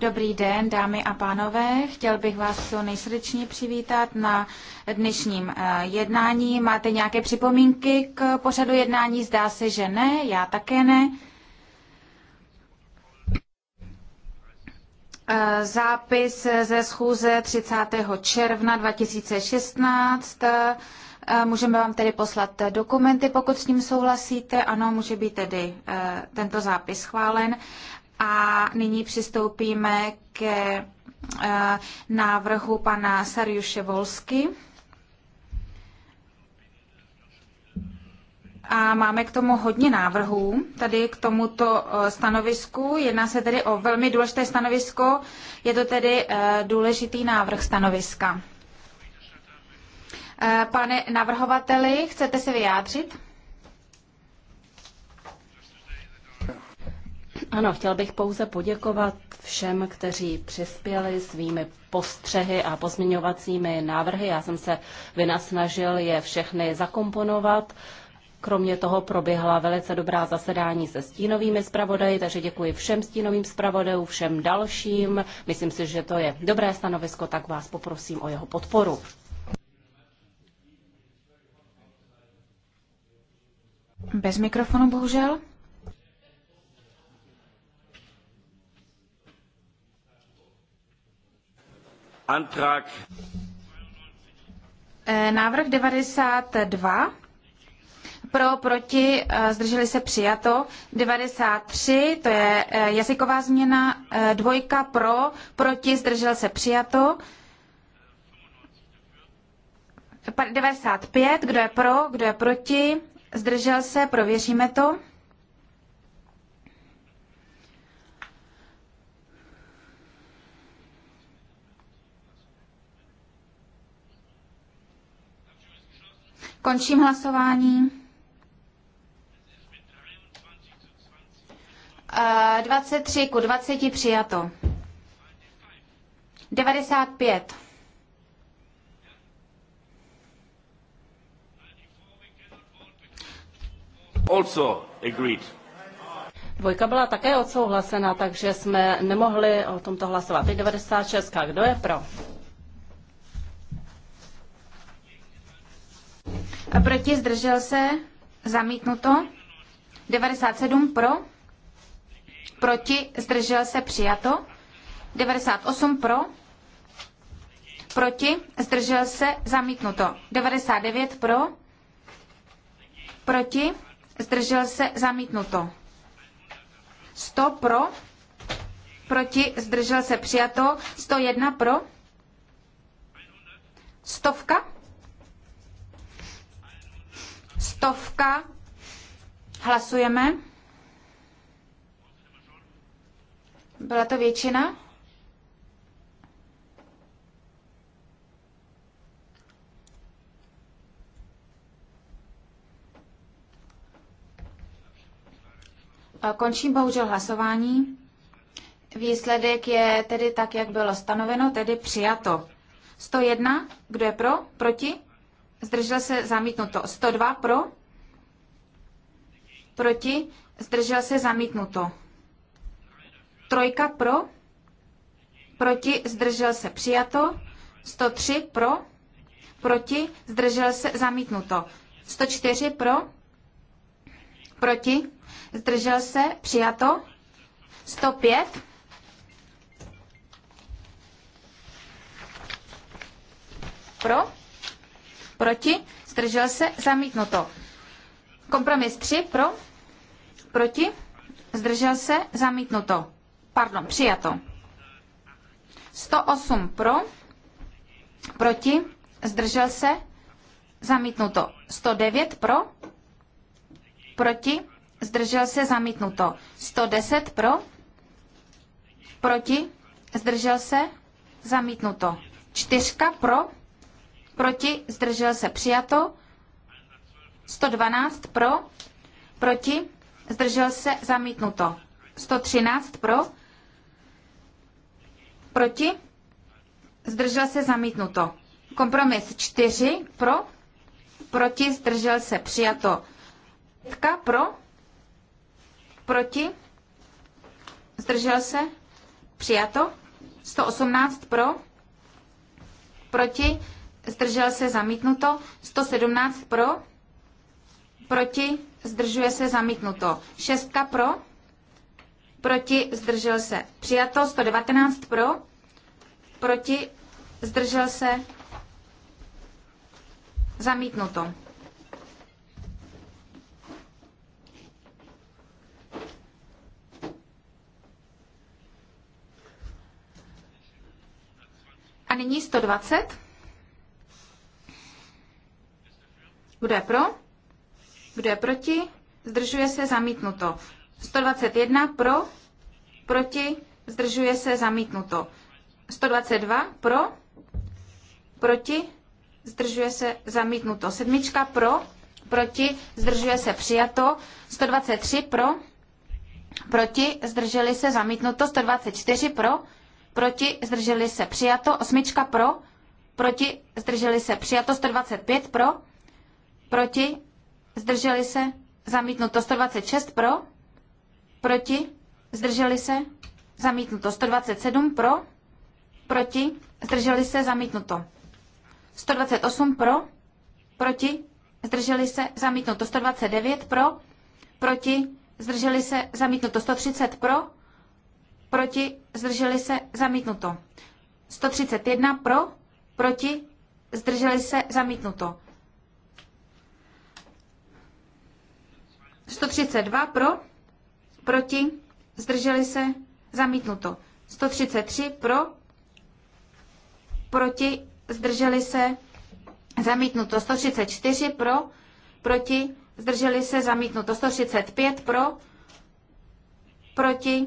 Dobrý den, dámy a pánové. Chtěl bych vás co nejsrdečně přivítat na dnešním eh, jednání. Máte nějaké připomínky k pořadu jednání? Zdá se, že ne, já také ne. Eh, zápis ze schůze 30. června 2016 Eh, můžeme vám tedy poslat dokumenty, pokud s ním souhlasíte. Ano, může být tedy eh, tento zápis schválen. A nyní přistoupíme ke eh, návrhu pana Sarjuše Volsky. A máme k tomu hodně návrhů, tady k tomuto stanovisku. Jedná se tedy o velmi důležité stanovisko, je to tedy důležitý návrh stanoviska. Eh, pane navrhovateli, chcete se vyjádřit? Ano, chtěl bych pouze poděkovat všem, kteří přispěli svými postřehy a pozměňovacími návrhy. Já jsem se vynasnažil je všechny zakomponovat. Kromě toho proběhla velice dobrá zasedání se stínovými zpravodaji, takže děkuji všem stínovým zpravodajům, všem dalším. Myslím si, že to je dobré stanovisko, tak vás poprosím o jeho podporu. Bez mikrofonu, bohužel. Antrag. Eh, návrh 92. Pro, proti, eh, zdrželi se přijato. 93, to je eh, jazyková změna. Dvojka pro, proti, zdržel se přijato. 95, kdo je pro, kdo je proti, zdržel se, prověříme to. Končím hlasování. 23 eh, ku 20 přijato. 95. also agreed. Dvojka byla také odsouhlasena, takže jsme nemohli o tomto hlasovat. Teď 96. Kdo je pro? A proti zdržel se zamítnuto. 97 pro. Proti zdržel se přijato. 98 pro. Proti zdržel se zamítnuto. 99 pro. Proti zdržel se, zamítnuto. 100 pro, proti, zdržel se, přijato. 101 pro, stovka, stovka, hlasujeme. Byla to většina? Končím bohužel hlasování. Výsledek je tedy tak, jak bylo stanoveno, tedy přijato. 101, kdo je pro, proti? Zdržel se zamítnuto. 102 pro, proti, zdržel se zamítnuto. Trojka pro, proti, zdržel se přijato. 103 pro, proti, zdržel se zamítnuto. 104 pro, proti, zdržel se, přijato. 105. Pro, proti, zdržel se, zamítnuto. Kompromis 3, pro, proti, zdržel se, zamítnuto. Pardon, přijato. 108 pro, proti, zdržel se, zamítnuto. 109 pro, proti, zdržel se zamítnuto. 110 pro, proti, zdržel se zamítnuto. Čtyřka pro, proti, zdržel se přijato. 112 pro, proti, zdržel se zamítnuto. 113 pro, proti, zdržel se zamítnuto. Kompromis 4 pro, proti, zdržel se přijato. 5 pro, Proti? Zdržel se? Přijato. 118 pro? Proti? Zdržel se? Zamítnuto. 117 pro? Proti? Zdržuje se? Zamítnuto. 6 pro? Proti? Zdržel se? Přijato. 119 pro? Proti? Zdržel se? Zamítnuto. nyní 120. Kdo je pro? Kdo je proti? Zdržuje se zamítnuto. 121 pro, proti, zdržuje se zamítnuto. 122 pro, proti, zdržuje se zamítnuto. Sedmička pro, proti, zdržuje se přijato. 123 pro, proti, zdrželi se zamítnuto. 124 pro, proti, zdrželi se přijato, osmička pro, proti, zdrželi se přijato, 125 pro, proti, zdrželi se, zamítnuto 126 pro, proti, zdrželi se, zamítnuto 127 pro, proti, zdrželi se, zamítnuto 128 pro, proti, zdrželi se, zamítnuto 129 pro, proti, zdrželi se, zamítnuto 130 pro, proti, zdrželi se, zamítnuto. 131 pro, proti, zdrželi se, zamítnuto. 132 pro, proti, zdrželi se, zamítnuto. 133 pro, proti, zdrželi se, zamítnuto. 134 pro, proti, zdrželi se, zamítnuto. 135 pro, proti,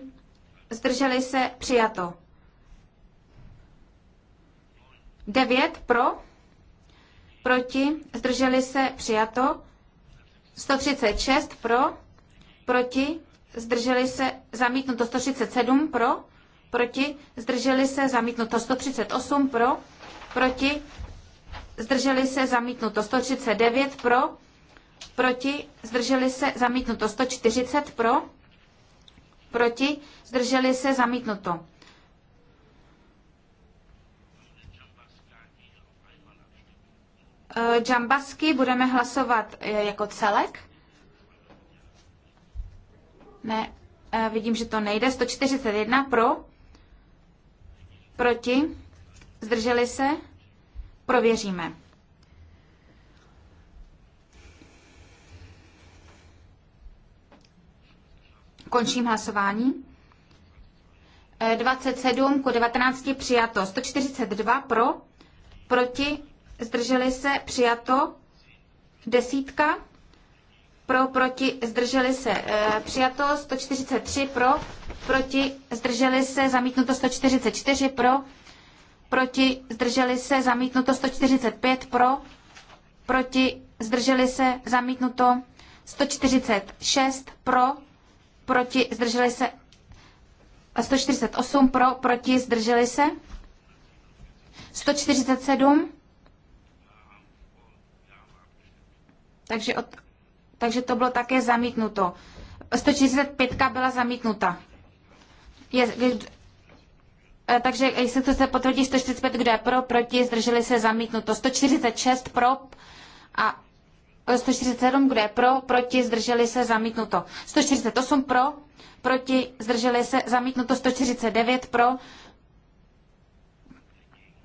zdrželi se, přijato. 9 pro, proti, zdrželi se, přijato. 136 pro, proti, zdrželi se, zamítnuto 137 pro, proti, zdrželi se, zamítnuto 138 pro, proti, zdrželi se, zamítnuto 139 pro, proti, zdrželi se, zamítnuto 140 pro, proti, zdrželi se, zamítnuto. Eh, Džambasky budeme hlasovat eh, jako celek. Ne, eh, vidím, že to nejde. 141 pro, proti, zdrželi se, prověříme. Končím hlasování. 27 eh, ku 19 přijato. 142 pro, proti, zdrželi se, přijato. Desítka pro, proti, zdrželi se, e, přijato. 143 pro, proti, zdrželi se, zamítnuto 144 pro, proti, zdrželi se, zamítnuto 145 pro, proti, zdrželi se, zamítnuto 146 pro, proti, zdrželi se, a 148 pro, proti, zdrželi se, 147, takže, od, takže to bylo také zamítnuto. 145 byla zamítnuta. Je, e, takže jestli chcete potvrdit 145, kdo je pro, proti, zdrželi se zamítnuto. 146 pro a 147, kdo je pro, proti, zdrželi se, zamítnuto. 148 pro, proti, zdrželi se, zamítnuto. 149 pro,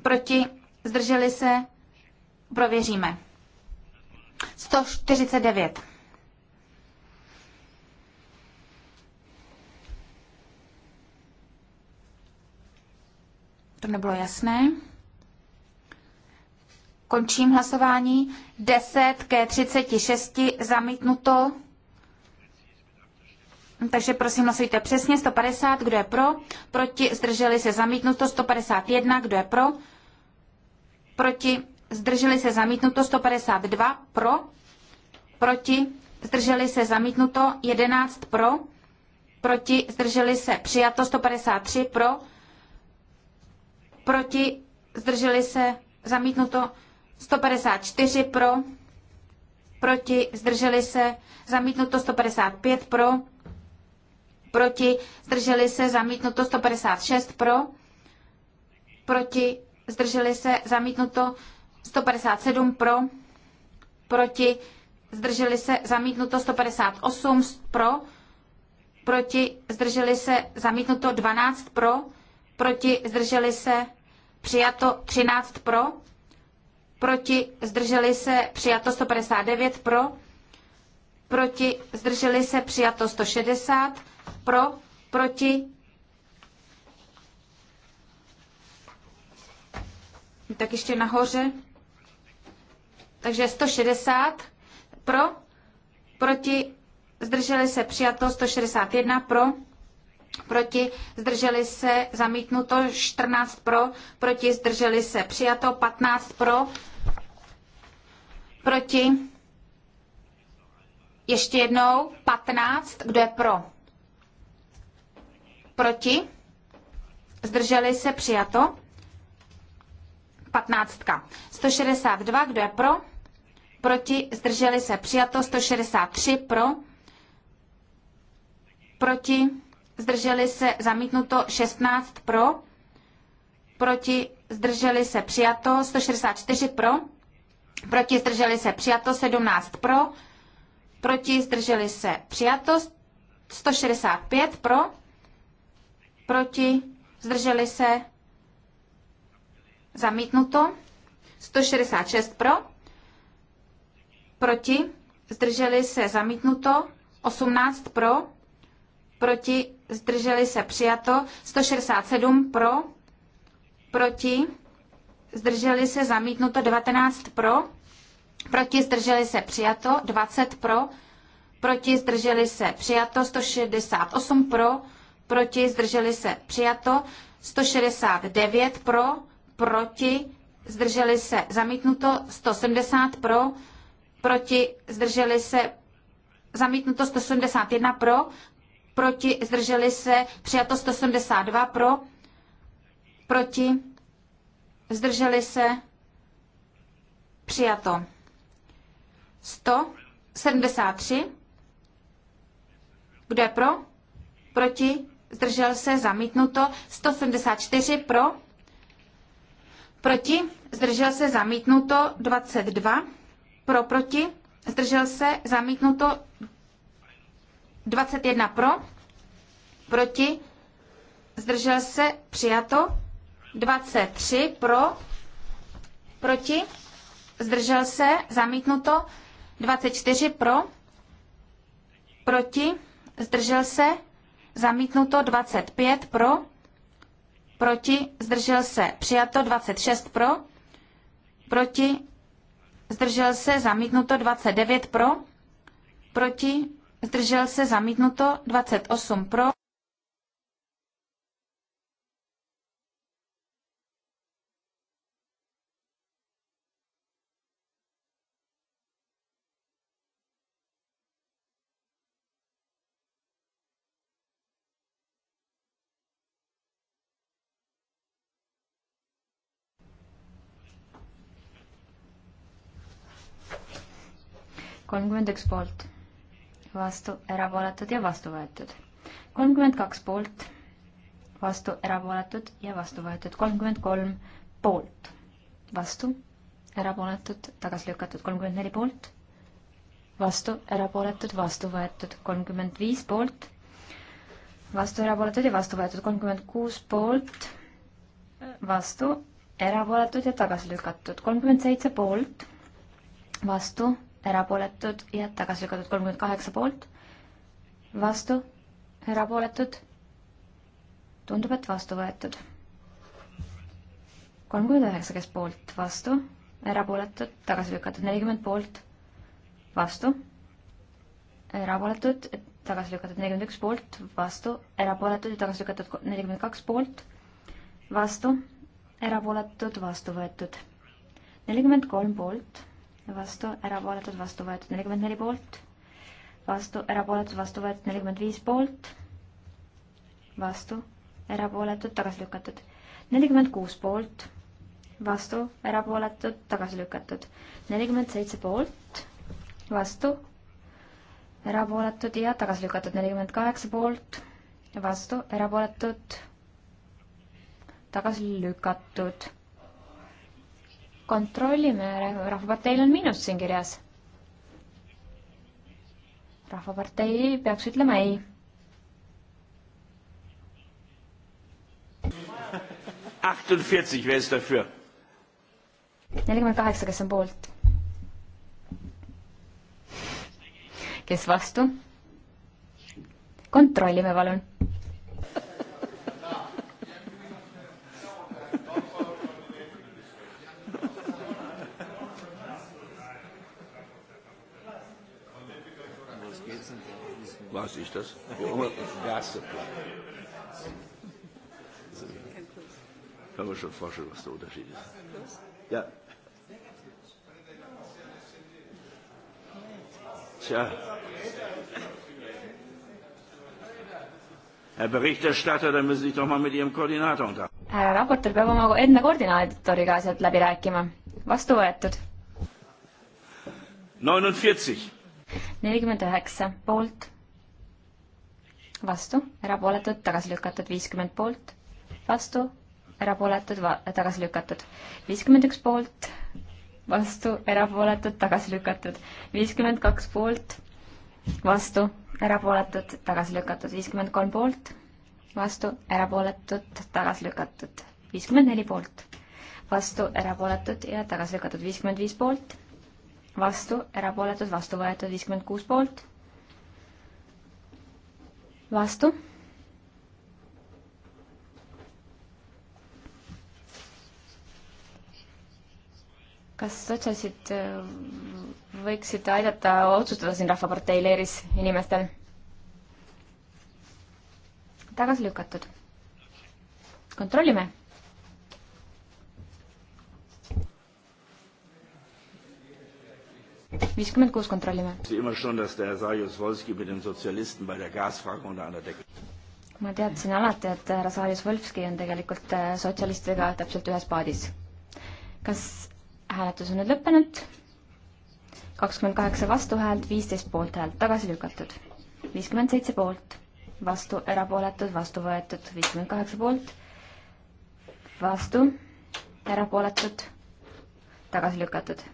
proti, zdrželi se, prověříme. 149. To nebylo jasné. Končím hlasování. 10 ke 36 zamítnuto. Takže prosím hlasujte přesně. 150, kdo je pro? Proti, zdrželi se zamítnuto. 151, kdo je pro? Proti, zdrželi se zamítnuto. 152, pro? Proti, zdrželi se zamítnuto. 11, pro? Proti, zdrželi se přijato. 153, pro? Proti, zdrželi se zamítnuto. 154 pro, proti, zdrželi se, zamítnuto 155 pro, proti, zdrželi se, zamítnuto 156 pro, proti, zdrželi se, zamítnuto 157 pro, proti, zdrželi se, zamítnuto 158 pro, proti, zdrželi se, zamítnuto 12 pro, proti, zdrželi se, přijato 13 pro, proti, zdrželi se, přijato 159 pro, proti, zdrželi se, přijato 160 pro, proti, tak ještě nahoře, takže 160 pro, proti, zdrželi se, přijato 161 pro, proti, zdrželi se, zamítnuto 14 pro, proti, zdrželi se, přijato 15 pro, Proti? Ještě jednou. 15. Kdo je pro? Proti? Zdrželi se přijato? 15. 162. Kdo je pro? Proti? Zdrželi se přijato? 163. Pro? Proti? Zdrželi se zamítnuto 16 pro. Proti? Zdrželi se přijato? 164 pro proti zdrželi se přijato 17 pro, proti zdrželi se přijato 165 pro, proti zdrželi se zamítnuto 166 pro, proti zdrželi se zamítnuto 18 pro, proti zdrželi se přijato 167 pro, proti zdrželi se zamítnuto 19 pro, proti zdrželi se přijato 20 pro, proti zdrželi se přijato 168 pro, proti zdrželi se přijato 169 pro, proti zdrželi se zamítnuto 170 pro, proti zdrželi se zamítnuto 171 pro, proti zdrželi se přijato 172 pro, proti zdrželi se, přijato. 173, kdo je pro, proti, zdržel se, zamítnuto. 174 pro, proti, zdržel se, zamítnuto. 22 pro, proti, zdržel se, zamítnuto. 21 pro, proti, zdržel se, přijato. 23 pro, proti, zdržel se, zamítnuto, 24 pro, proti, zdržel se, zamítnuto, 25 pro, proti, zdržel se, přijato, 26 pro, proti, zdržel se, zamítnuto, 29 pro, proti, zdržel se, zamítnuto, 28 pro, kolmkümmend üks poolt, vastu, erapooletud ja vastu võetud. kolmkümmend kaks poolt, vastu, erapooletud ja vastu võetud. kolmkümmend kolm poolt, vastu, erapooletud, tagasi lükatud. kolmkümmend neli poolt, vastu, erapooletud, vastu võetud. kolmkümmend viis poolt, vastu, erapooletud ja vastu võetud. kolmkümmend kuus poolt, vastu, erapooletud ja tagasi lükatud. kolmkümmend seitse poolt, vastu erapooletud ja tagasi lükatud kolmkümmend kaheksa poolt, vastu, erapooletud, tundub, et vastu võetud. kolmkümmend üheksa, kes poolt, vastu, erapooletud, tagasi lükatud nelikümmend poolt, vastu, erapooletud, tagasi lükatud nelikümmend üks poolt, vastu, erapooletud ja tagasi lükatud nelikümmend kaks poolt, vastu, erapooletud, vastu võetud. nelikümmend kolm poolt vastu, erapooletud, vastu võetud nelikümmend neli poolt, vastu, erapooletud, vastu võetud nelikümmend viis poolt, vastu, erapooletud, tagasi lükatud nelikümmend kuus poolt, vastu, erapooletud, tagasi lükatud nelikümmend seitse poolt, vastu, erapooletud ja tagasi lükatud nelikümmend kaheksa poolt, vastu, erapooletud, tagasi lükatud kontrollime, Rahvaparteil on miinus siin kirjas. rahvapartei peaks ütlema ei. nelikümmend kaheksa, kes on poolt? kes vastu? kontrollime palun Ja, sehe ich das? Hier oben Gasseplan. Ich kann mir schon vorstellen, was der Unterschied ist. Ja. Tja. Herr Berichterstatter, dann müssen Sie sich doch mal mit Ihrem Koordinator unterhalten. härra äh, raportöör peab oma enda koordinaatoriga asjad läbi rääkima. vastu võetud. nelikümmend üheksa poolt vastu, erapooletud, tagasi lükatud, viiskümmend poolt, vastu, erapooletud, tagasi lükatud, viiskümmend üks poolt, vastu, erapooletud, tagasi lükatud, viiskümmend kaks poolt, vastu, erapooletud, tagasi lükatud, viiskümmend kolm poolt, vastu, erapooletud, tagasi lükatud, viiskümmend neli poolt, vastu, erapooletud ja tagasi lükatud, viiskümmend viis poolt, vastu, erapooletud, vastu võetud, viiskümmend kuus poolt vastu. kas sotsid äh, võiksid aidata otsustada siin Rahvapartei leeris inimestel? tagasi lükatud. kontrollime viiskümmend kuus kontrollime. ma teadsin alati, et härra Saarjus-Volski on tegelikult äh, sotsialistidega täpselt ühes paadis. kas hääletus on nüüd lõppenud? kakskümmend kaheksa vastuhäält, viisteist poolthäält tagasi lükatud. viiskümmend seitse poolt, vastu, erapooletud, vastu võetud, viiskümmend kaheksa poolt, vastu, erapooletud, tagasi lükatud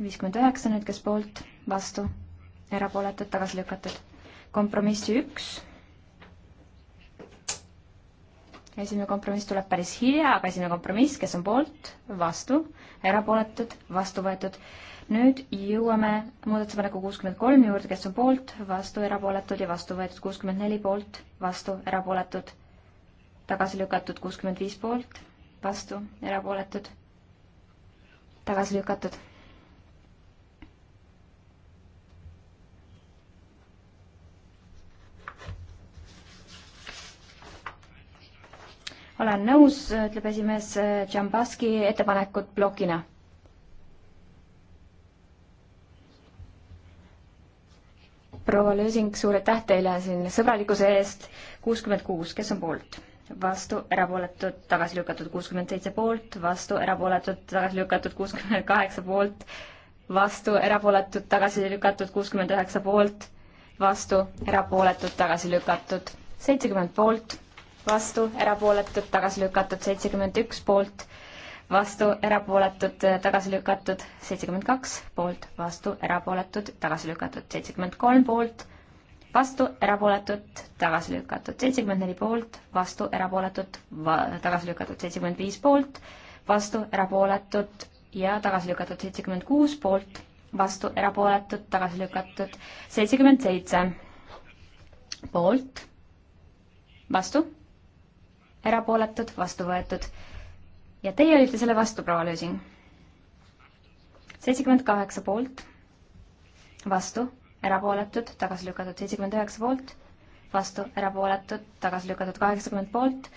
viiskümmend üheksa nüüd, kes poolt, vastu, erapooletud, tagasi lükatud. kompromissi üks. esimene kompromiss tuleb päris hilja, aga esimene kompromiss, kes on poolt, vastu, erapooletud, vastu võetud. nüüd jõuame muudatusepaneku kuuskümmend kolm juurde, kes on poolt, vastu, erapooletud ja vastu võetud, kuuskümmend neli poolt, vastu, erapooletud, tagasi lükatud, kuuskümmend viis poolt, vastu, erapooletud, tagasi lükatud olen nõus, ütleb esimees Džambaski ettepanekut plokina. proua Lösing, suur aitäh teile siin sõbralikkuse eest. kuuskümmend kuus, kes on poolt? vastu, erapooletud, tagasi lükatud kuuskümmend seitse poolt, vastu, erapooletud, tagasi lükatud kuuskümmend kaheksa poolt, vastu, erapooletud, tagasi lükatud kuuskümmend üheksa poolt, vastu, erapooletud, tagasi lükatud seitsekümmend poolt vastu, erapooletud, tagasi lükatud, seitsekümmend üks poolt, vastu, erapooletud, tagasi lükatud, seitsekümmend kaks poolt, vastu, erapooletud, tagasi lükatud, seitsekümmend kolm poolt, vastu, erapooletud, tagasi lükatud, seitsekümmend neli poolt, vastu, erapooletud, tagasi lükatud, seitsekümmend viis poolt, vastu, erapooletud ja tagasi lükatud, seitsekümmend kuus poolt, vastu, erapooletud, tagasi lükatud, seitsekümmend seitse poolt, vastu erapooletud, vastu võetud. ja teie olite selle vastu, proua Lüüsing. seitsekümmend kaheksa poolt, vastu, erapooletud, tagasi lükatud seitsekümmend üheksa poolt, vastu, erapooletud, tagasi lükatud kaheksakümmend poolt,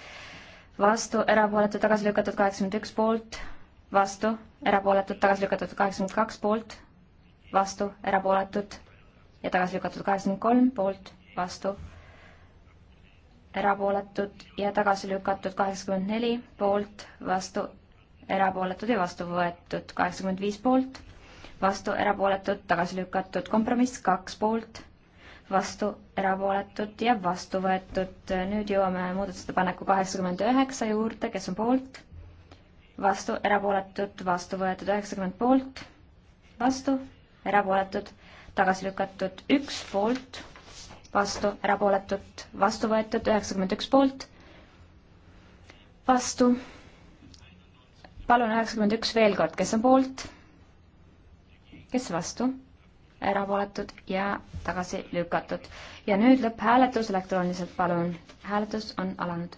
vastu, erapooletud, tagasi lükatud kaheksakümmend üks poolt, vastu, erapooletud, tagasi lükatud kaheksakümmend kaks poolt, vastu, erapooletud ja tagasi lükatud kaheksakümmend kolm poolt, vastu, erapooletud ja tagasi lükatud kaheksakümmend neli poolt, vastu erapooletud ja vastu võetud kaheksakümmend viis poolt, vastu erapooletud, tagasi lükatud kompromiss kaks poolt, vastu erapooletud ja vastu võetud. nüüd jõuame muudatusettepaneku kaheksakümmend üheksa juurde, kes on poolt, vastu erapooletud, vastu võetud üheksakümmend poolt, vastu erapooletud, tagasi lükatud üks poolt vastu, erapooletut vastu võetud, üheksakümmend üks poolt, vastu. palun üheksakümmend üks veel kord, kes on poolt, kes vastu, erapooletud ja tagasi lükatud. ja nüüd lõpphääletus elektrooniliselt, palun. hääletus on alanud.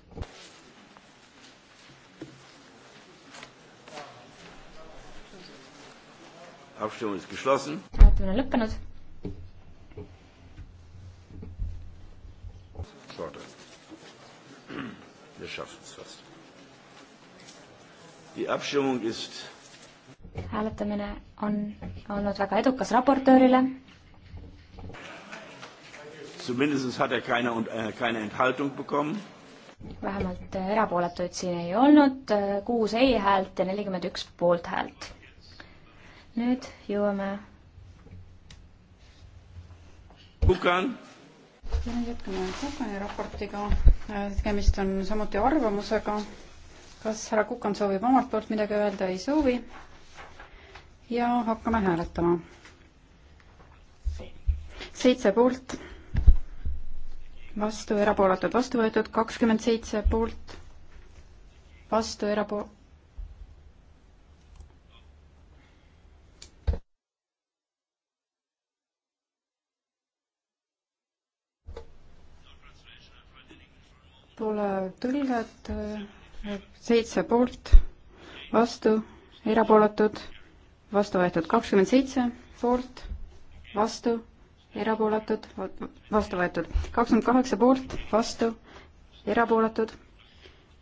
Abstimmung ist geschlossen. Hääletamine on lõppenud. Warte. Wir schaffen es fast. Die Abstimmung ist hääletamine on olnud väga edukas raportöörile. Zumindest hat er keine, äh, keine Enthaltung bekommen. vähemalt äh, erapooletuid siin ei olnud, äh, kuus ei-häält ja nelikümmend üks poolthäält. nüüd jõuame. Kukan ja jätkame Kukani raportiga. Äh, tegemist on samuti arvamusega. kas härra Kukan soovib omalt poolt midagi öelda? ei soovi. ja hakkame hääletama. seitse poolt, vastu, erapooletud, vastu võetud, kakskümmend seitse poolt, vastu, erapo-, pole tõlget, seitse poolt, vastu, erapooletud, vastu võetud kakskümmend seitse poolt, vastu, erapooletud, vastu võetud kakskümmend kaheksa poolt, vastu, erapooletud,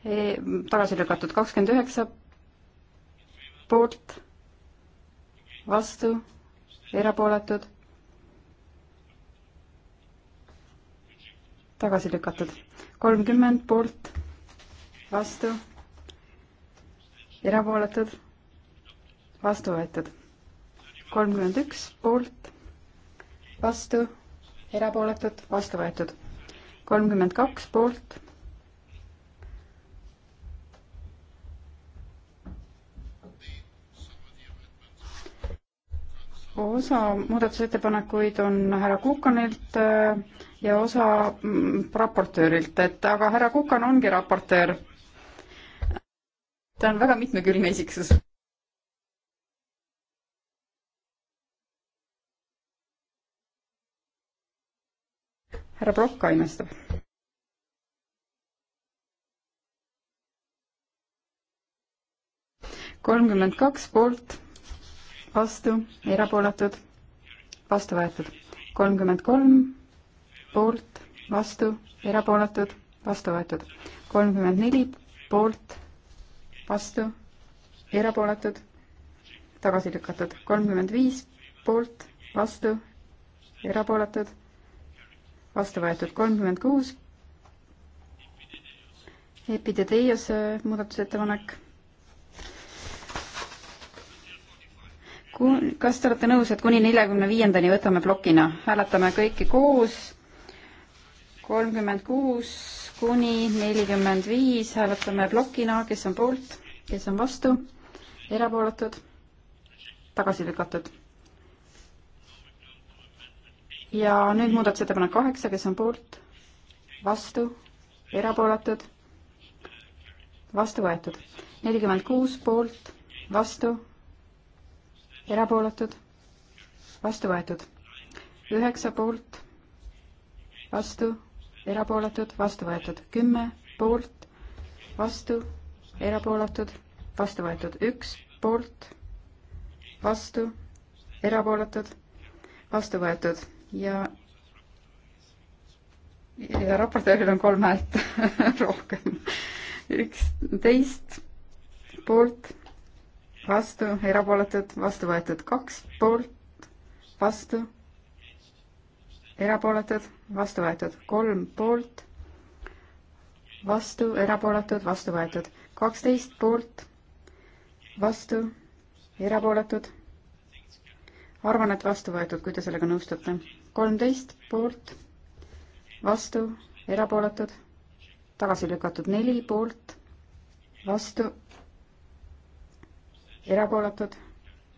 e, tagasi lükatud kakskümmend üheksa poolt, vastu, erapooletud tagasi lükatud. kolmkümmend poolt, vastu, erapooletud, vastu võetud. kolmkümmend üks poolt, vastu, erapooletud, vastu võetud. kolmkümmend kaks poolt, osa muudatusettepanekuid on härra Kukanilt äh, ja osa mm, raportöörilt, et aga härra Kukan ongi raportöör. ta on väga mitmekülgne isiksus. härra Prokk ka imestab. kolmkümmend kaks poolt, vastu, erapooletud, vastu võetud. kolmkümmend kolm poolt, vastu, erapooletud, vastu võetud. kolmkümmend neli poolt, vastu, erapooletud, tagasi lükatud. kolmkümmend viis poolt, vastu, erapooletud, vastu võetud. kolmkümmend kuus Epideteios äh, muudatusettepanek. kas te olete nõus, et kuni neljakümne viiendani võtame plokina, hääletame kõiki koos kolmkümmend kuus kuni nelikümmend viis hääletame plokina, kes on poolt, kes on vastu, erapooletud, tagasi lükatud. ja nüüd muudatusettepanek kaheksa, kes on poolt, vastu, erapooletud, vastu võetud. nelikümmend kuus poolt, vastu, erapooletud, vastu võetud. üheksa poolt, vastu erapooletud, vastu võetud kümme, poolt, vastu, erapooletud, vastu võetud üks, poolt, vastu, erapooletud, vastu võetud ja ja raportööril on kolm häält rohkem. üksteist poolt, vastu, erapooletud, vastu võetud kaks poolt, vastu erapooletud, vastu võetud, kolm poolt, vastu, erapooletud, vastu võetud, kaksteist poolt, vastu, erapooletud. arvan, et vastu võetud, kui te sellega nõustute. kolmteist poolt, vastu, erapooletud, tagasi lükatud neli poolt, vastu, erapooletud,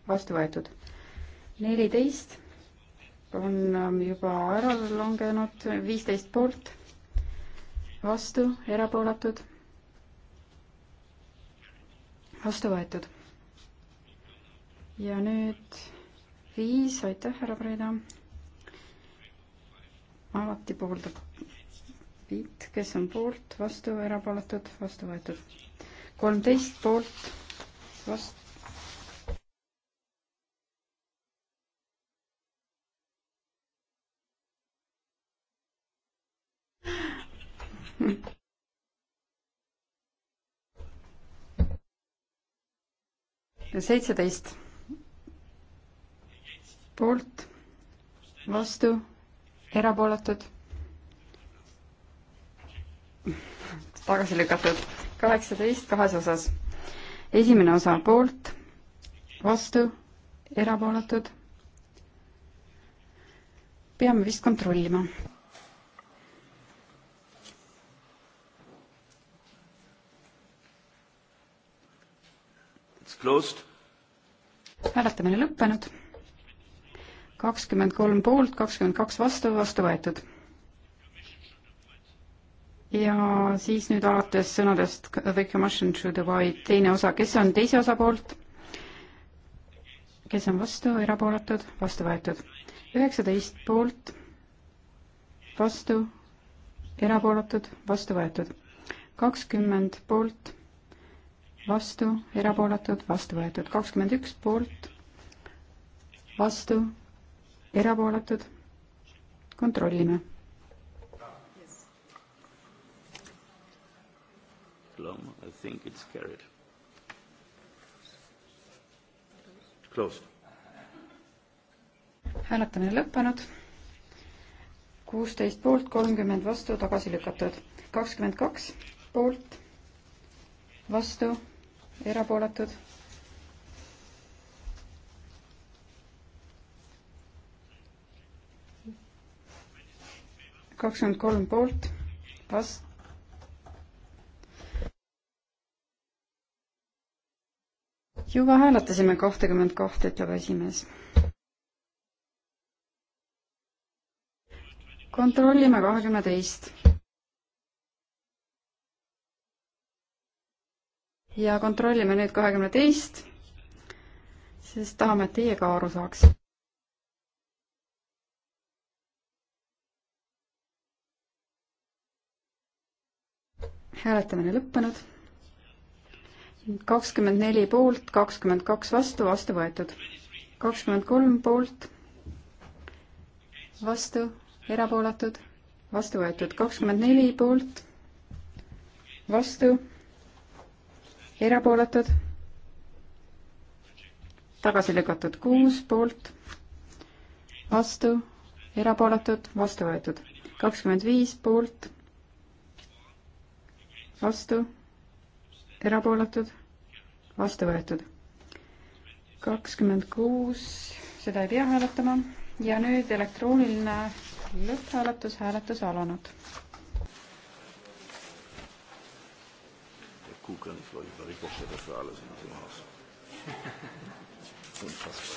vastu võetud. neliteist on ähm, juba ära langenud, viisteist poolt, vastu, erapooletud, vastu võetud. ja nüüd viis, aitäh, härra Preeda. alati pooldab viit, kes on poolt, vastu, erapooletud, vastu võetud. kolmteist poolt, vastu, seitseteist poolt, vastu, erapooletud, tagasi lükatud, kaheksateist kahes osas. esimene osa poolt, vastu, erapooletud. peame vist kontrollima hääletamine lõppenud. kakskümmend kolm poolt, kakskümmend kaks vastu, vastu võetud. ja siis nüüd alates sõnadest the commission to the right, teine osa, kes on teise osa poolt? kes on vastu, erapooletud, vastu võetud. üheksateist poolt, vastu, erapooletud, vastu võetud. kakskümmend poolt vastu, erapooletud, vastu võetud. kakskümmend üks poolt, vastu, erapooletud. kontrollime. I think it's carried. Closed. hääletamine lõppenud. kuusteist poolt, kolmkümmend vastu, tagasi lükatud. kakskümmend kaks poolt, vastu erapooletud. kakskümmend kolm poolt, vast-. juba hääletasime kahtekümmend kahte, ütleb esimees. kontrollime kahekümne teist ja kontrollime nüüd kahekümne teist, sest tahame, et teie ka aru saaks. hääletamine lõppenud. kakskümmend neli poolt, kakskümmend kaks vastu, vastu võetud. kakskümmend kolm poolt, vastu, erapooletud, vastu võetud. kakskümmend neli poolt, vastu erapooletud, tagasi lükatud kuus poolt, vastu, erapooletud, vastu võetud kakskümmend viis poolt, vastu, erapooletud, vastu võetud. kakskümmend kuus, seda ei pea hääletama ja nüüd elektrooniline lõpphääletus, hääletus alanud kugeln. Ich glaube, ich war Berichterstatter für alles in diesem Haus. Unfassbar.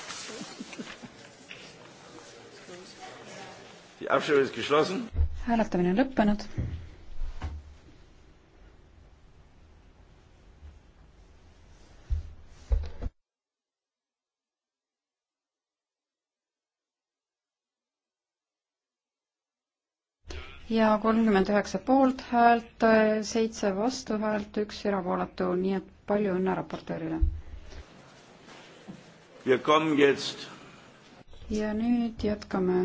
Die Abstimmung ist geschlossen. hääletamine on lõppenud. ja kolmkümmend üheksa poolthäält, seitse vastuhäält, üks erapooletu, nii et palju õnne raportöörile. ja nüüd jätkame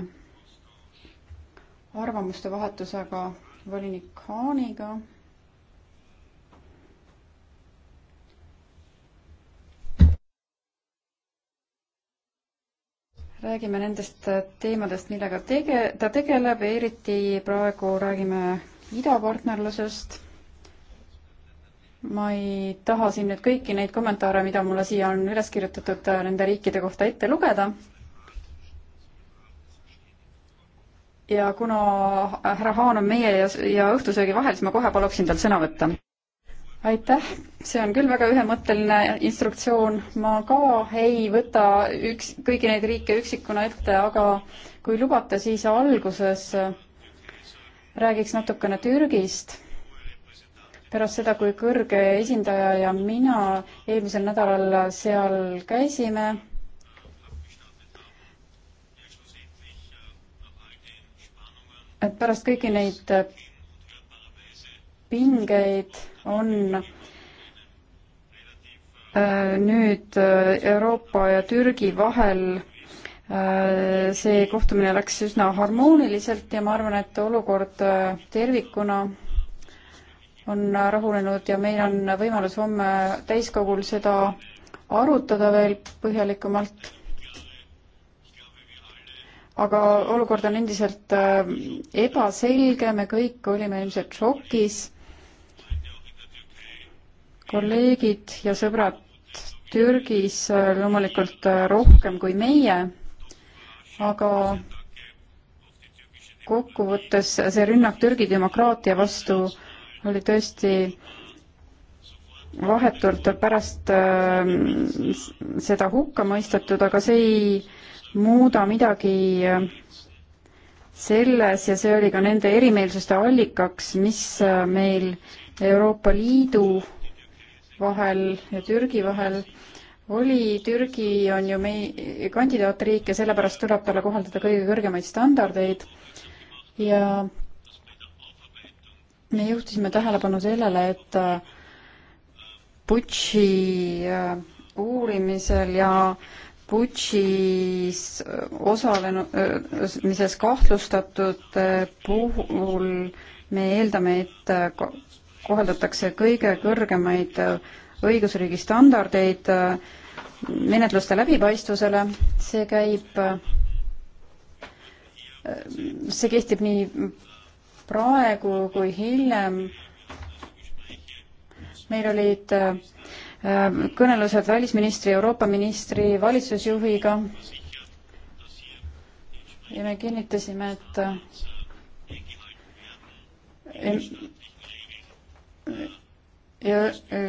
arvamuste vahetusega volinik Haaniga räägime nendest teemadest, millega tege-, ta tegeleb, eriti praegu räägime idapartnerlusest. ma ei taha siin nüüd kõiki neid kommentaare, mida mulle siia on üles kirjutatud nende riikide kohta ette lugeda. ja kuna härra Haan on meie ja, ja õhtusöögi vahel, siis ma kohe paluksin tal sõna võtta aitäh, see on küll väga ühemõtteline instruktsioon, ma ka ei võta üks, kõiki neid riike üksikuna ette, aga kui lubate, siis alguses räägiks natukene Türgist. pärast seda, kui kõrge esindaja ja mina eelmisel nädalal seal käisime, et pärast kõiki neid pingeid on äh, nüüd äh, Euroopa ja Türgi vahel äh, see kohtumine läks üsna harmooniliselt ja ma arvan, et olukord tervikuna on rahunenud ja meil on võimalus homme täiskogul seda arutada veel põhjalikumalt. aga olukord on endiselt ebaselge, me kõik olime ilmselt šokis kolleegid ja sõbrad Türgis äh, loomulikult äh, rohkem kui meie, aga kokkuvõttes see rünnak Türgi demokraatia vastu oli tõesti vahetult pärast ähm, seda hukka mõistetud, aga see ei muuda midagi äh, selles ja see oli ka nende erimeelsuste allikaks, mis meil Euroopa Liidu vahel ja Türgi vahel oli, Türgi on ju meie kandidaatriik ja sellepärast tuleb talle kohaldada kõige kõrgemaid standardeid ja me juhtisime tähelepanu sellele, et äh, Butši äh, uurimisel ja Butšis äh, osalemises kahtlustatud puhul me eeldame, et kohaldatakse kõige kõrgemaid õigusriigi standardeid menetluste läbipaistvusele, see käib, see kehtib nii praegu kui hiljem. meil olid äh, kõnelused välisministri, Euroopa ministri, valitsusjuhiga ja me kinnitasime, et äh, ja e,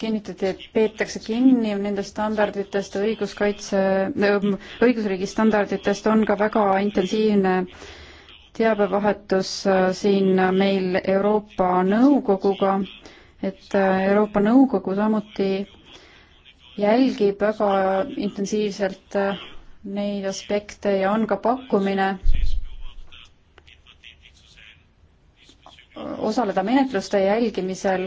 kinnitati, et peetakse kinni nendest standarditest, õiguskaitse, e, õigusriigi standarditest on ka väga intensiivne teabevahetus e, siin meil Euroopa Nõukoguga, et Euroopa Nõukogu samuti jälgib väga intensiivselt neid aspekte ja on ka pakkumine osaleda menetluste jälgimisel.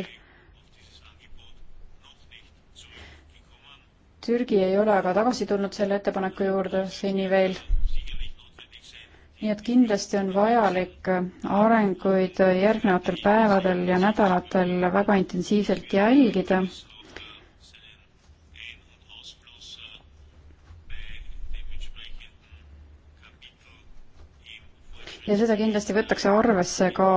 Türgi ei ole aga tagasi tulnud selle ettepaneku juurde seni veel. nii et kindlasti on vajalik arenguid järgnevatel päevadel ja nädalatel väga intensiivselt jälgida ja seda kindlasti võtakse arvesse ka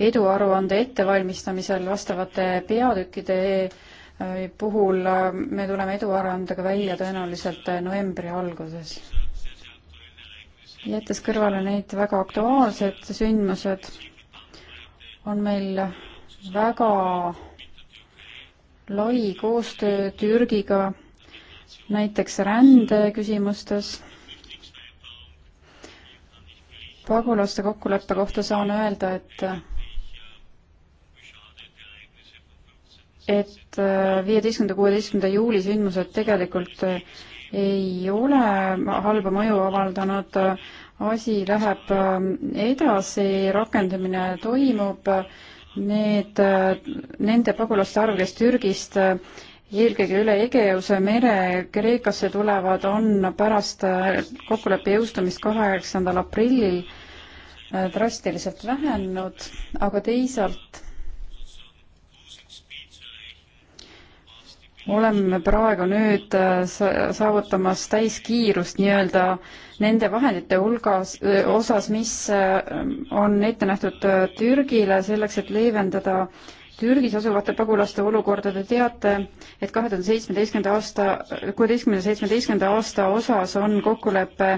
eduaruande ettevalmistamisel vastavate peatükkide äh, puhul äh, me tuleme eduaruandega välja tõenäoliselt äh, novembri alguses. jättes kõrvale need väga aktuaalsed sündmused, on meil väga lai koostöö Türgiga, näiteks rändeküsimustes. pagulaste kokkuleppe kohta saan öelda, et et äh, viieteistkümnenda, kuueteistkümnenda juuli sündmused tegelikult äh, ei ole halba mõju avaldanud, asi läheb äh, edasi, rakendamine toimub, need, nende pagulaste arv, kes Türgist eelkõige üle Egeuse mere Kreekasse tulevad, on pärast kokkuleppe jõustumist kaheksandal aprillil drastiliselt vähenenud, aga teisalt oleme praegu nüüd äh, saavutamas täiskiirust nii-öelda nende vahendite hulgas, äh, osas, mis äh, on ette nähtud Türgile selleks, et leevendada Türgis asuvate pagulaste olukorda te teate, et kahe tuhande seitsmeteistkümnenda aasta, kuueteistkümnenda, seitsmeteistkümnenda aasta osas on kokkulepe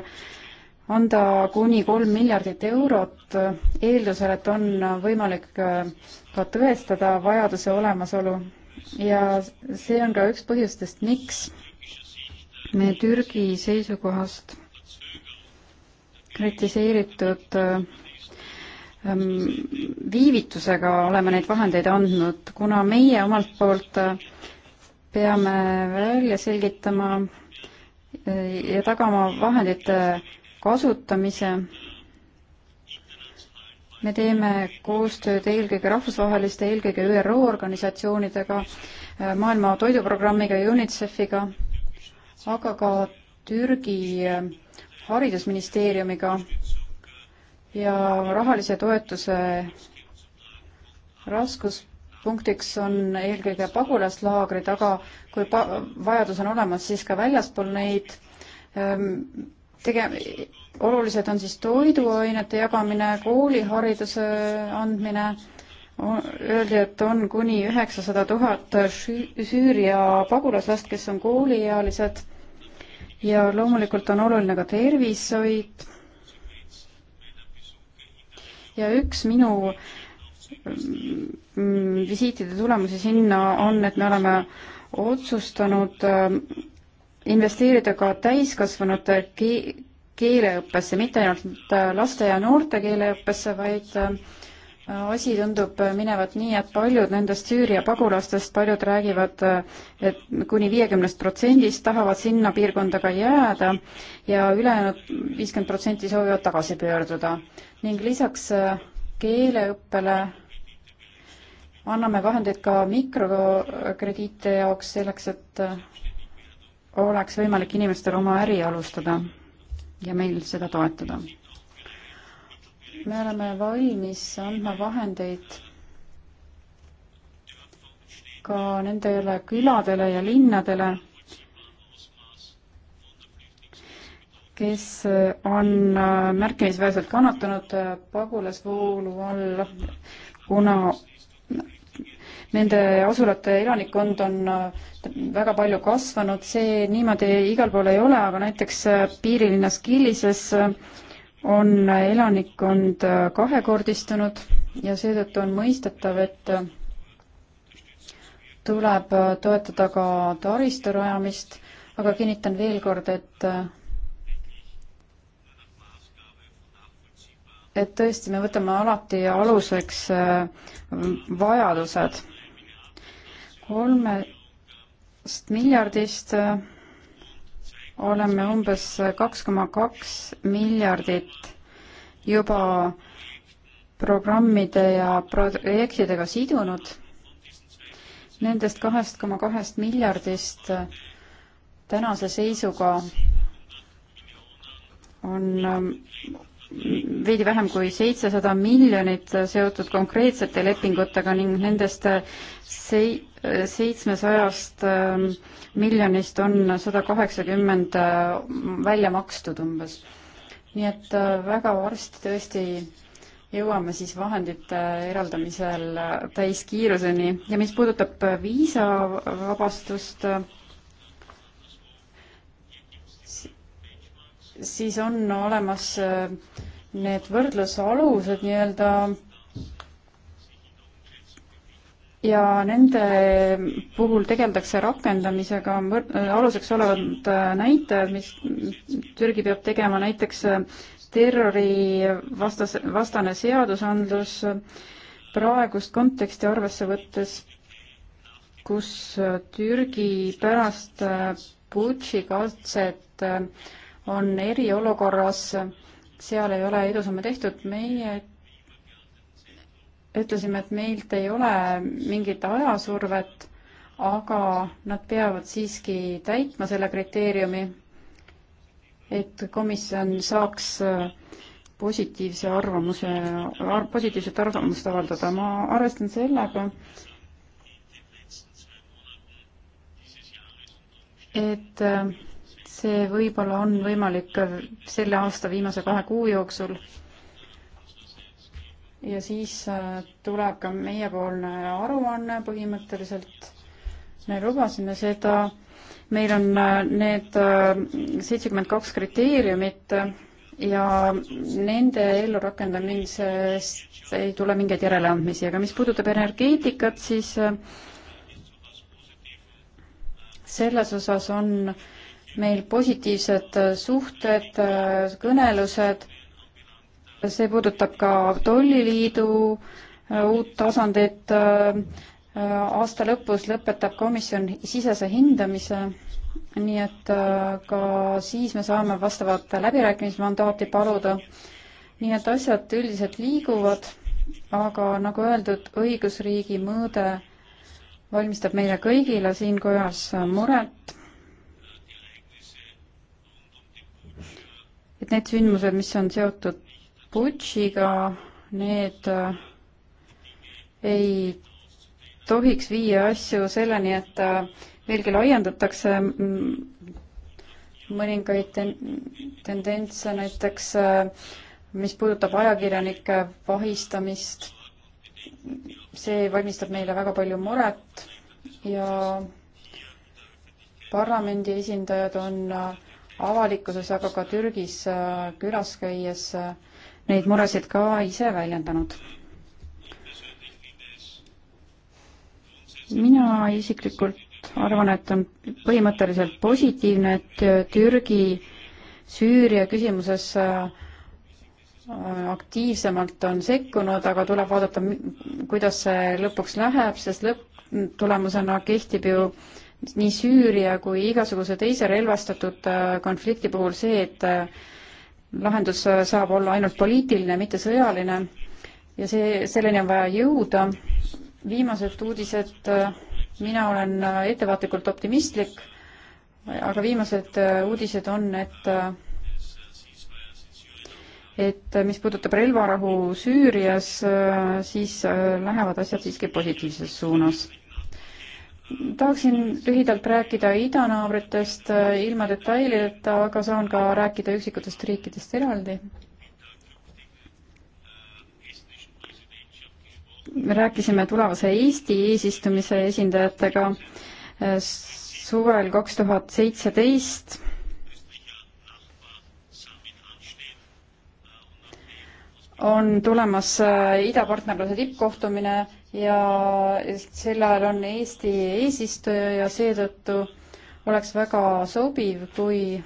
anda kuni kolm miljardit eurot, eeldusel, et on võimalik ka tõestada vajaduse olemasolu ja see on ka üks põhjustest, miks me Türgi seisukohast kritiseeritud ähm, viivitusega oleme neid vahendeid andnud, kuna meie omalt poolt äh, peame välja selgitama äh, ja tagama vahendite kasutamise me teeme koostööd eelkõige rahvusvaheliste, eelkõige ÜRO organisatsioonidega, Maailma Toiduprogrammiga ja UNICEF-iga, aga ka Türgi haridusministeeriumiga ja rahalise toetuse raskuspunktiks on eelkõige pagulaslaagrid, aga kui pa-, vajadus on olemas, siis ka väljaspool neid ähm, tege-, olulised on siis toiduainete jagamine, koolihariduse andmine, öeldi, et on kuni üheksasada tuhat Süüria pagulaslast, kes on kooliealised ja loomulikult on oluline ka tervishoid. ja üks minu mm, visiitide tulemusi sinna on, et me oleme otsustanud ähm, investeerida ka täiskasvanute keeleõppesse, mitte ainult laste ja noorte keeleõppesse, vaid äh, asi tundub minevat nii, et paljud nendest Süüria pagulastest, paljud räägivad, et kuni viiekümnest protsendist tahavad sinna piirkonda ka jääda ja ülejäänud viiskümmend protsenti soovivad tagasi pöörduda. ning lisaks äh, keeleõppele anname vahendeid ka mikrokrediite jaoks selleks, et äh, oleks võimalik inimestel oma äri alustada ja meil seda toetada. me oleme valmis andma vahendeid ka nendele küladele ja linnadele, kes on märkimisväärselt kannatanud pagulasvoolu all, kuna nende asulate elanikkond on äh, väga palju kasvanud, see niimoodi igal pool ei ole, aga näiteks äh, piirilinnas Killises äh, on elanikkond kahekordistunud ja seetõttu on mõistetav, et tuleb toetada ka taristu rajamist, aga kinnitan veel kord, et et tõesti, me võtame alati aluseks vajadused kolmest miljardist äh, oleme umbes kaks koma kaks miljardit juba programmide ja projektidega sidunud. Nendest kahest koma kahest miljardist äh, tänase seisuga on äh, veidi vähem kui seitsesada miljonit seotud konkreetsete lepingutega ning nendest sei-, seitsmesajast ähm, miljonist on sada kaheksakümmend äh, välja makstud umbes. nii et äh, väga varsti tõesti jõuame siis vahendite eraldamisel äh, täiskiiruseni ja mis puudutab viisavabastust, siis on olemas need võrdlusalused nii-öelda ja nende puhul tegeldakse rakendamisega, äh, aluseks olevad äh, näitajad, mis Türgi peab tegema, näiteks äh, terrorivastas, vastane seadusandlus praegust konteksti arvesse võttes, kus Türgi pärast Butši katset on eriolukorras, seal ei ole edusamme tehtud, meie ütlesime, et meilt ei ole mingit ajasurvet, aga nad peavad siiski täitma selle kriteeriumi, et komisjon saaks äh, positiivse arvamuse ar,, positiivset arvamust avaldada. ma arvestan sellega, et äh, see võib-olla on võimalik äh, selle aasta viimase kahe kuu jooksul ja siis äh, tuleb ka meiepoolne aruanne põhimõtteliselt. me lubasime seda, meil on äh, need äh, seitsekümmend kaks kriteeriumit ja nende ellurakendamisest ei tule mingeid järeleandmisi, aga mis puudutab energeetikat, siis selles osas on meil positiivsed suhted, kõnelused see puudutab ka tolliliidu äh, uut tasandit. Äh, aasta lõpus lõpetab komisjon sisese hindamise, nii et äh, ka siis me saame vastavat läbirääkimismandaati paluda. nii et asjad üldiselt liiguvad, aga nagu öeldud, õigusriigi mõõde valmistab meile kõigile siin kojas muret et need sündmused, mis on seotud putšiga, need äh, ei tohiks viia asju selleni, et äh, veelgi laiendatakse mm, mõningaid ten-, tendentse, näiteks äh, mis puudutab ajakirjanike vahistamist, see valmistab meile väga palju muret ja parlamendi esindajad on avalikkuses, aga ka Türgis külas käies äh, neid muresid ka ise väljendanud. mina isiklikult arvan, et on põhimõtteliselt positiivne, et Türgi Süüria küsimuses äh, aktiivsemalt on sekkunud, aga tuleb vaadata, kuidas see lõpuks läheb, sest lõpptulemusena kehtib ju nii Süüria kui igasuguse teise relvastatud äh, konflikti puhul see, et äh, lahendus saab olla ainult poliitiline, mitte sõjaline ja see, selleni on vaja jõuda. viimased uudised, mina olen ettevaatlikult optimistlik, aga viimased uudised on, et et mis puudutab relvarahu Süürias, siis lähevad asjad siiski positiivses suunas tahaksin lühidalt rääkida idanaabritest äh, ilma detailideta, aga saan ka rääkida üksikutest riikidest eraldi. me rääkisime tulevase Eesti eesistumise esindajatega äh, suvel kaks tuhat seitseteist on tulemas äh, idapartnerluse tippkohtumine ja sel ajal on Eesti eesistuja ja seetõttu oleks väga sobiv, kui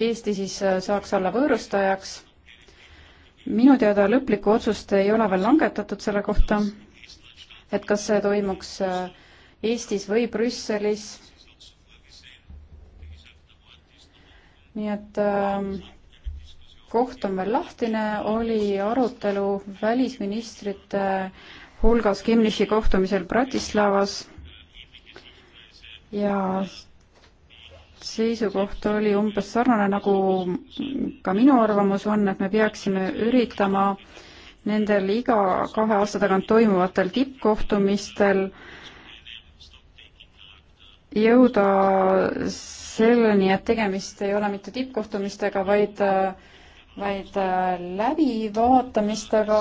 Eesti siis äh, saaks olla võõrustajaks. minu teada lõplikku otsust ei ole veel langetatud selle kohta, et kas see toimuks äh, Eestis või Brüsselis nii et ähm, koht on veel lahtine, oli arutelu välisministrite hulgas Kimnichi kohtumisel Bratislavas ja seisukoht oli umbes sarnane, nagu ka minu arvamus on, et me peaksime üritama nendel iga kahe aasta tagant toimuvatel tippkohtumistel jõuda selleni, et tegemist ei ole mitte tippkohtumistega, vaid, vaid läbivaatamistega,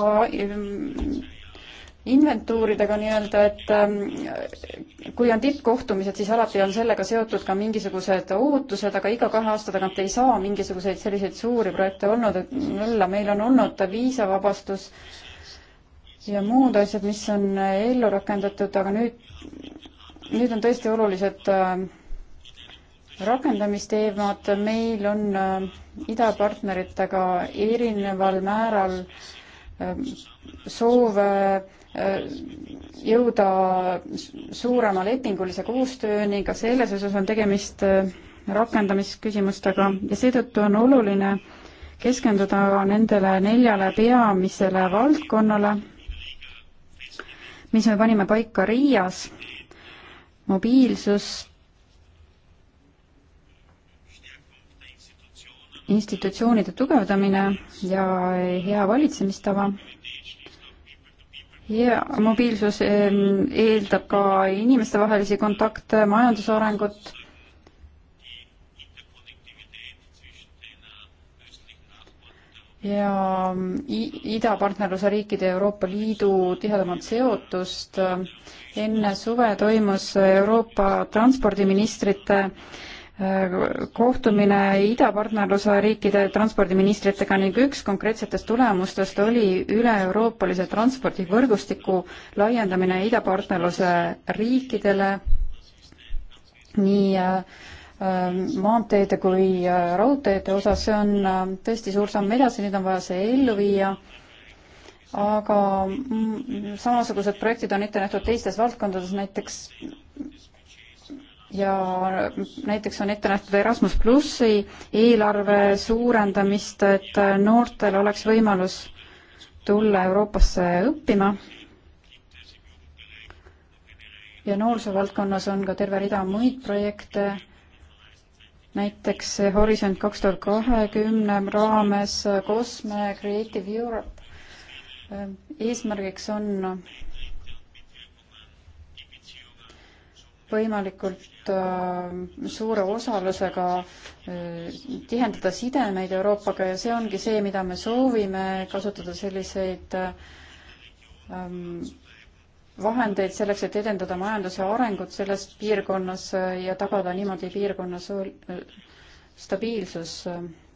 inventuuridega nii-öelda, et ähm, kui on tippkohtumised, siis alati on sellega seotud ka mingisugused ootused, aga iga kahe aasta tagant ei saa mingisuguseid selliseid suuri projekte olnud, et olla, meil on olnud viisavabastus ja muud asjad, mis on ellu rakendatud, aga nüüd, nüüd on tõesti olulised äh, rakendamisteemad, meil on äh, idapartneritega erineval määral äh, soov Äh, jõuda suurema lepingulise koostööni, ka selles osas on tegemist äh, rakendamisküsimustega ja seetõttu on oluline keskenduda nendele neljale peamisele valdkonnale, mis me panime paika Riias, mobiilsus, institutsioonide tugevdamine ja hea valitsemistava ja mobiilsus ehm, eeldab ka inimestevahelisi kontakte, majandusarengut. ja mm, idapartnerluse riikide Euroopa Liidu tihedamat seotust. enne suve toimus Euroopa transpordiministrite äh, kohtumine idapartnerluse riikide transpordiministritega ning üks konkreetsetest tulemustest oli üle-euroopalise transpordivõrgustiku laiendamine idapartnerluse riikidele nii äh, äh, maanteede kui äh, raudteede osas, see on tõesti suur samm edasi, nüüd on vaja see ellu viia aga mm, samasugused projektid on ette nähtud teistes valdkondades, näiteks ja näiteks on ette nähtud Erasmus plussi eelarve suurendamist, et noortel oleks võimalus tulla Euroopasse õppima. ja noorsoovaldkonnas on ka terve rida muid projekte, näiteks Horisont kaks tuhat kahekümne raames Cosme Creative Europe eesmärgiks on võimalikult äh, suure osalusega äh, tihendada sidemeid Euroopaga ja see ongi see, mida me soovime, kasutada selliseid ähm, vahendeid selleks, et edendada majanduse arengut selles piirkonnas äh, ja tagada niimoodi piirkonnas stabiilsus.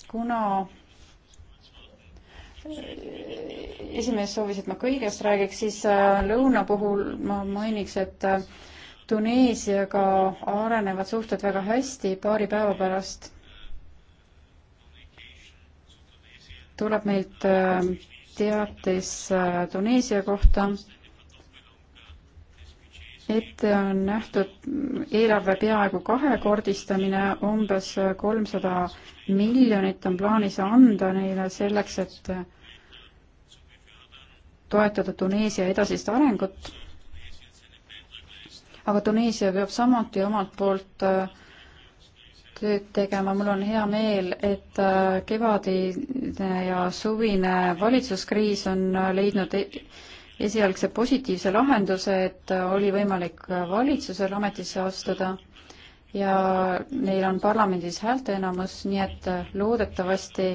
kuna esimees soovis, et ma kõigest räägiks, siis lõuna puhul ma mainiks, et Tuneesiaga arenevad suhted väga hästi, paari päeva pärast tuleb meilt äh, teatis äh, Tuneesia kohta. ette on nähtud eelarve peaaegu kahekordistamine, umbes äh, kolmsada miljonit on plaanis anda neile selleks, et toetada Tuneesia edasist arengut aga Tuneesia peab samuti omalt poolt äh, tööd tegema, mul on hea meel, et äh, kevadine ja suvine valitsuskriis on äh, leidnud e-, esialgse positiivse lahenduse, et oli võimalik valitsusel ametisse astuda ja neil on parlamendis häälteenamus, nii et loodetavasti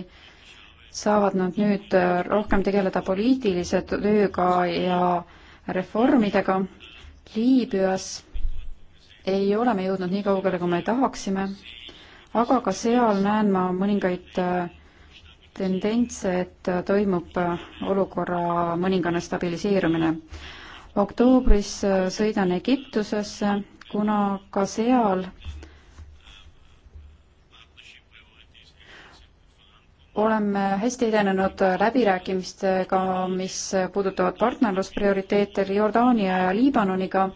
saavad nad nüüd rohkem tegeleda poliitilise tööga ja reformidega Liibüas ei ole me jõudnud nii kaugele, kui me tahaksime, aga ka seal näen ma mõningaid äh, tendentse, et äh, toimub äh, olukorra mõningane stabiliseerumine. oktoobris sõidan Egiptusesse, kuna ka seal oleme hästi edenenud läbirääkimistega, mis puudutavad partnerlusprioriteete Jordaania ja Liibanoniga.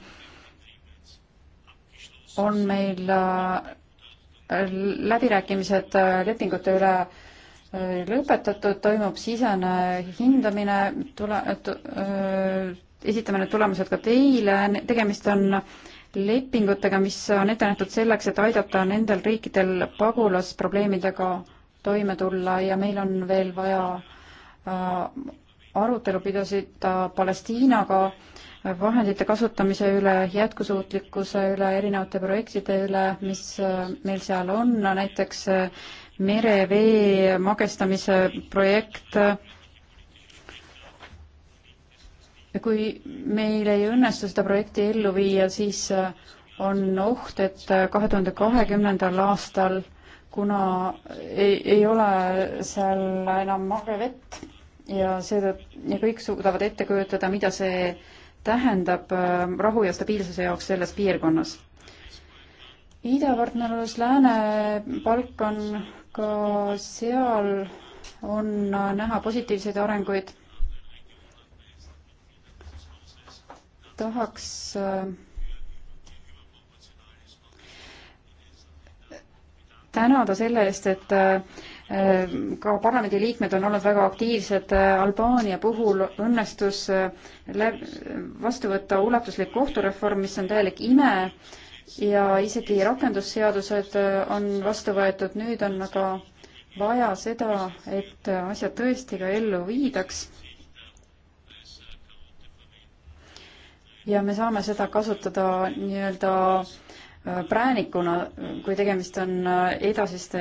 on meil äh, läbirääkimised äh, lepingute üle äh, lõpetatud, toimub sisene hindamine, tule, esitame need tulemused ka teile, tegemist on lepingutega, mis on ette nähtud selleks, et aidata nendel riikidel pagulasprobleemidega toime tulla ja meil on veel vaja äh, arutelu pidasid äh, Palestiinaga äh, vahendite kasutamise üle, jätkusuutlikkuse üle, erinevate projektide üle, mis meil seal on, näiteks merevee magestamise projekt. kui meil ei õnnestu seda projekti ellu viia, siis on oht, et kahe tuhande kahekümnendal aastal kuna ei, ei ole seal enam magevett ja seetõttu ja kõik suudavad ette kujutada, mida see tähendab äh, rahu ja stabiilsuse jaoks selles piirkonnas. idapartnerlus Lääne-Balkan, ka seal on näha positiivseid arenguid. tahaks äh, tänada selle eest, et äh, ka parlamendiliikmed on olnud väga aktiivsed. Albaania puhul õnnestus äh, vastu võtta ulatuslik kohtureform, mis on täielik ime ja isegi rakendusseadused äh, on vastu võetud. nüüd on aga vaja seda, et asjad tõesti ka ellu viidaks. ja me saame seda kasutada nii-öelda äh, Äh, präänikuna, kui tegemist on äh, edasiste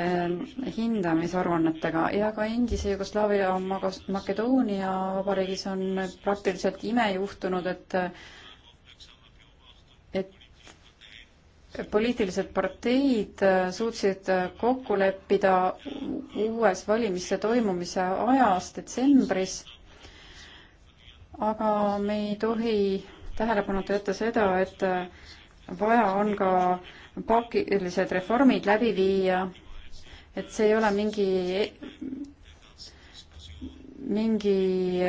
hindamisaruannetega ja ka endise Jugoslaavia Makedoonia vabariigis on praktiliselt ime juhtunud, et et poliitilised parteid äh, suutsid kokku leppida uues valimiste toimumise ajas detsembris, aga me ei tohi tähelepanuta jätta seda, et vaja on ka pakilised reformid läbi viia, et see ei ole mingi, e-, mingi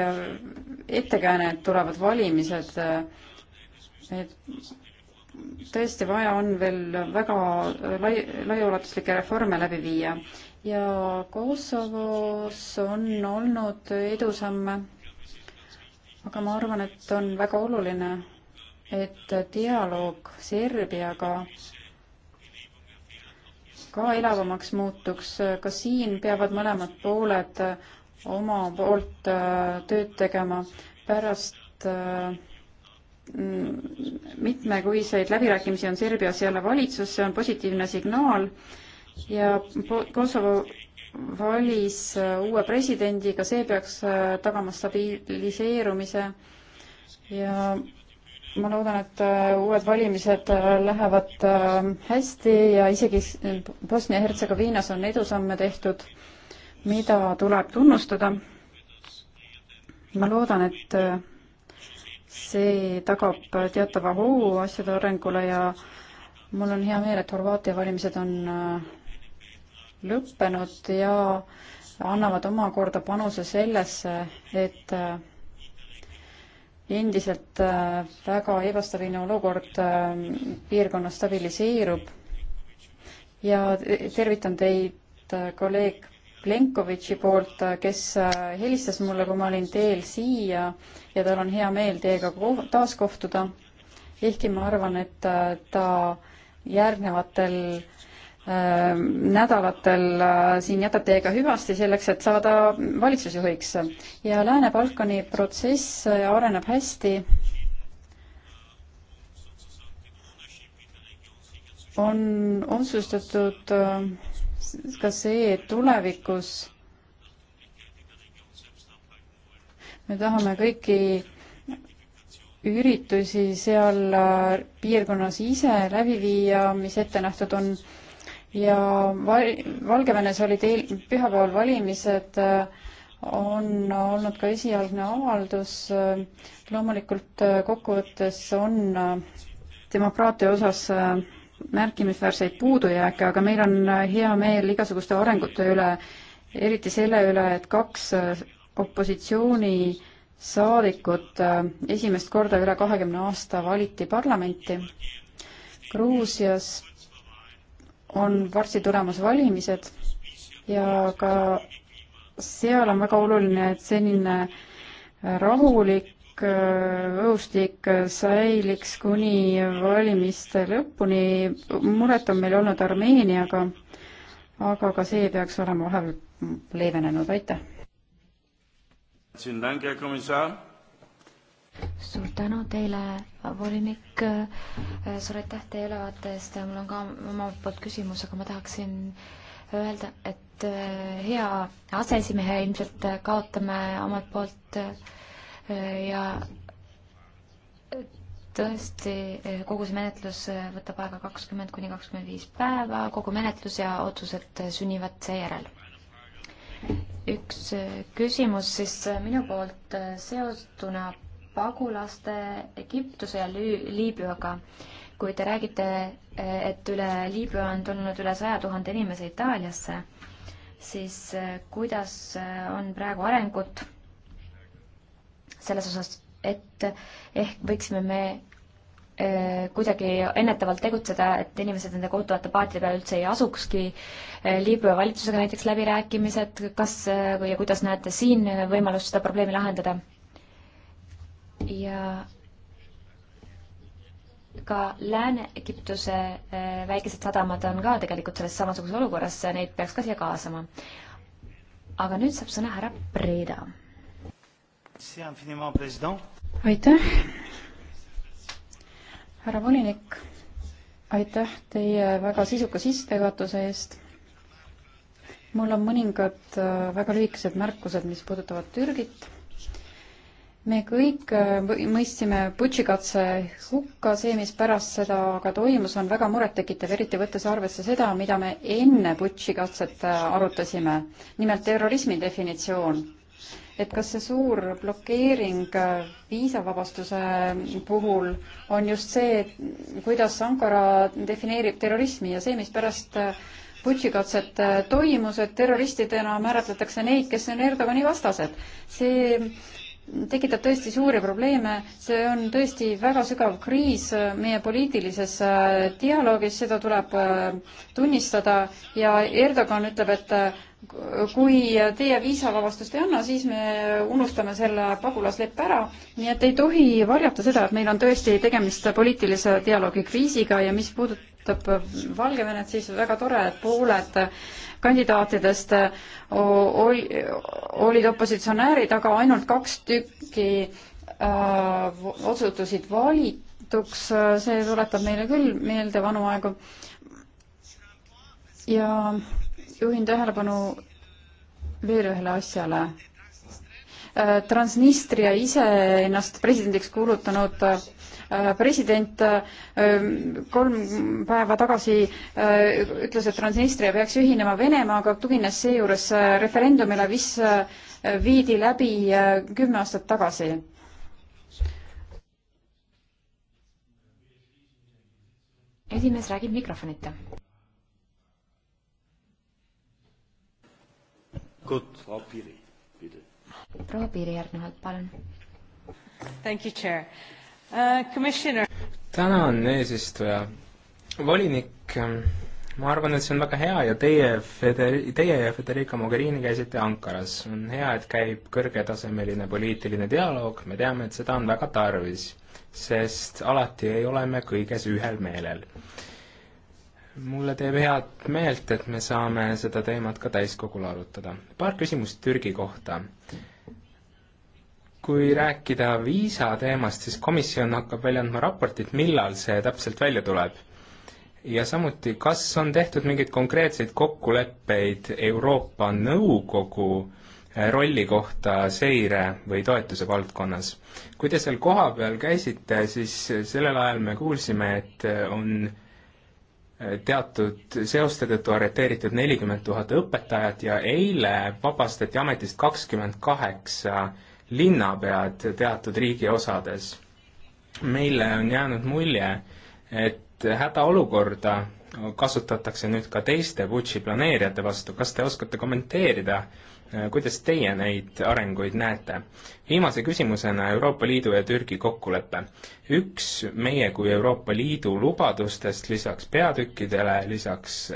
ettekääne, et tulevad valimised, et tõesti vaja on veel väga lai, laiaulatuslikke reforme läbi viia ja Kosovos on olnud edusamme, aga ma arvan, et on väga oluline et dialoog Serbiaga ka elavamaks muutuks, ka siin peavad mõlemad pooled oma poolt äh, tööd tegema pärast äh, mitmekuiseid läbirääkimisi on Serbias jälle valitsus, see on positiivne signaal ja Kosovo valis äh, uue presidendi, ka see peaks tagama stabiliseerumise ja ma loodan, et äh, uued valimised äh, lähevad äh, hästi ja isegi Bosnia-Hertsegoviinas on edusamme tehtud, mida tuleb tunnustada. ma loodan, et see tagab teatava hoo asjade arengule ja mul on hea meel, et Horvaatia valimised on lõppenud ja annavad omakorda panuse sellesse, et endiselt äh, väga ebastabiilne olukord ähm, piirkonnas stabiliseerub ja tervitan teid äh, kolleeg Plenkovitši poolt, äh, kes helistas mulle, kui ma olin teel siia ja tal on hea meel teiega taas kohtuda. ehkki ma arvan, et ta järgnevatel Äh, nädalatel äh, siin jätab teiega hüvasti selleks, et saada valitsusjuhiks. ja Lääne-Balkani protsess äh, areneb hästi. on otsustatud ka see, et tulevikus me tahame kõiki üritusi seal piirkonnas ise läbi viia, mis ette nähtud on ja val-, Valgevenes olid eel-, pühapäeval valimised, äh, on olnud ka esialgne avaldus, äh, loomulikult äh, kokkuvõttes on demokraatia osas märkimisväärseid puudujääke, aga meil on hea meel igasuguste arengute üle, eriti selle üle, et kaks opositsioonisaadikut esimest korda üle kahekümne aasta valiti parlamenti. Gruusias on varsti tulemas valimised ja ka seal on väga oluline, et senine rahulik õhustik säiliks kuni valimiste lõpuni. muret on meil olnud Armeeniaga, aga ka see peaks olema vahel leevenenud, aitäh suur tänu teile, volinik, suur aitäh teie ülevaate eest, mul on ka omalt poolt küsimus, aga ma tahaksin öelda, et eh, hea aseesimehe ilmselt kaotame omalt poolt eh, ja tõesti, eh, kogu see menetlus võtab aega kakskümmend kuni kakskümmend viis päeva, kogu menetlus ja otsused sünnivad seejärel. üks küsimus siis minu poolt seostuna pagulaste Egiptuse ja Liibüaga. kui te räägite, et üle Liibüa on tulnud üle saja tuhande inimese Itaaliasse, siis eh, kuidas eh, on praegu arengut selles osas, et eh, ehk võiksime me kuidagi ennetavalt tegutseda, et inimesed nende kohutavate paatide peale üldse ei asukski. Liibüa valitsusega näiteks läbirääkimised, kas ja kuidas näete siin võimalust seda probleemi lahendada? ja ka Lääne-Egiptuse eh, väikesed sadamad on ka tegelikult selles samasuguses olukorras, neid peaks ka siia kaasama. aga nüüd saab sõna härra Breda. aitäh, härra volinik, aitäh teie väga sisuka sissejuhatuse eest. mul on mõningad eh, väga lühikesed märkused, mis puudutavad Türgit me kõik äh, mõistsime putšikatse hukka, see, mis pärast seda aga toimus, on väga murettekitav, eriti võttes arvesse seda, mida me enne putšikatset äh, arutasime, nimelt terrorismi definitsioon. et kas see suur blokeering äh, viisavabastuse puhul on just see, kuidas Ankara defineerib terrorismi ja see, mis pärast putšikatset toimus, et terroristidena määratletakse neid, kes on Erdogani vastased. see tekitab tõesti suuri probleeme, see on tõesti väga sügav kriis meie poliitilises äh, dialoogis, seda tuleb äh, tunnistada ja Erdogan ütleb, et äh, kui teie viisavabastust ei anna, siis me unustame selle pagulasleppe ära, nii et ei tohi varjata seda, et meil on tõesti tegemist poliitilise dialoogi kriisiga ja mis puudutab puudutab äh, Valgevenet, siis väga tore, et pooled äh, kandidaatidest äh, oli, olid opositsionäärid, aga ainult kaks tükki äh, osutusid valituks, see tuletab meile küll meelde vanu aegu. ja juhin tähelepanu veel ühele asjale. Transnistria ise ennast presidendiks kuulutanud äh, Äh, president äh, kolm päeva tagasi äh, ütles, et Transnistria peaks ühinema Venemaaga, tugines seejuures referendumile, mis viidi läbi kümme aastat tagasi esimees räägib mikrofonita. proua Piiri järgnevalt, palun. Uh, tänan, eesistuja. volinik, ähm, ma arvan, et see on väga hea ja teie, Feder-, teie ja Federica Mogherini käisite Ankaras. on hea, et käib kõrgetasemeline poliitiline dialoog, me teame, et seda on väga tarvis, sest alati ei ole me kõiges ühel meelel. mulle teeb head meelt, et me saame seda teemat ka täiskogul arutada. paar küsimust Türgi kohta kui rääkida viisa teemast, siis komisjon hakkab välja andma raportit, millal see täpselt välja tuleb. ja samuti, kas on tehtud mingeid konkreetseid kokkuleppeid Euroopa Nõukogu eh, rolli kohta seire või toetuse valdkonnas? kui te seal kohapeal käisite, siis sellel ajal me kuulsime, et eh, on eh, teatud seoste tõttu arreteeritud nelikümmend tuhat õpetajat ja eile vabastati ametist kakskümmend kaheksa linnapead teatud riigiosades. meile on jäänud mulje, et hädaolukorda kasutatakse nüüd ka teiste Butši planeerijate vastu, kas te oskate kommenteerida, kuidas teie neid arenguid näete? viimase küsimusena Euroopa Liidu ja Türgi kokkulepe. üks meie kui Euroopa Liidu lubadustest lisaks peatükkidele, lisaks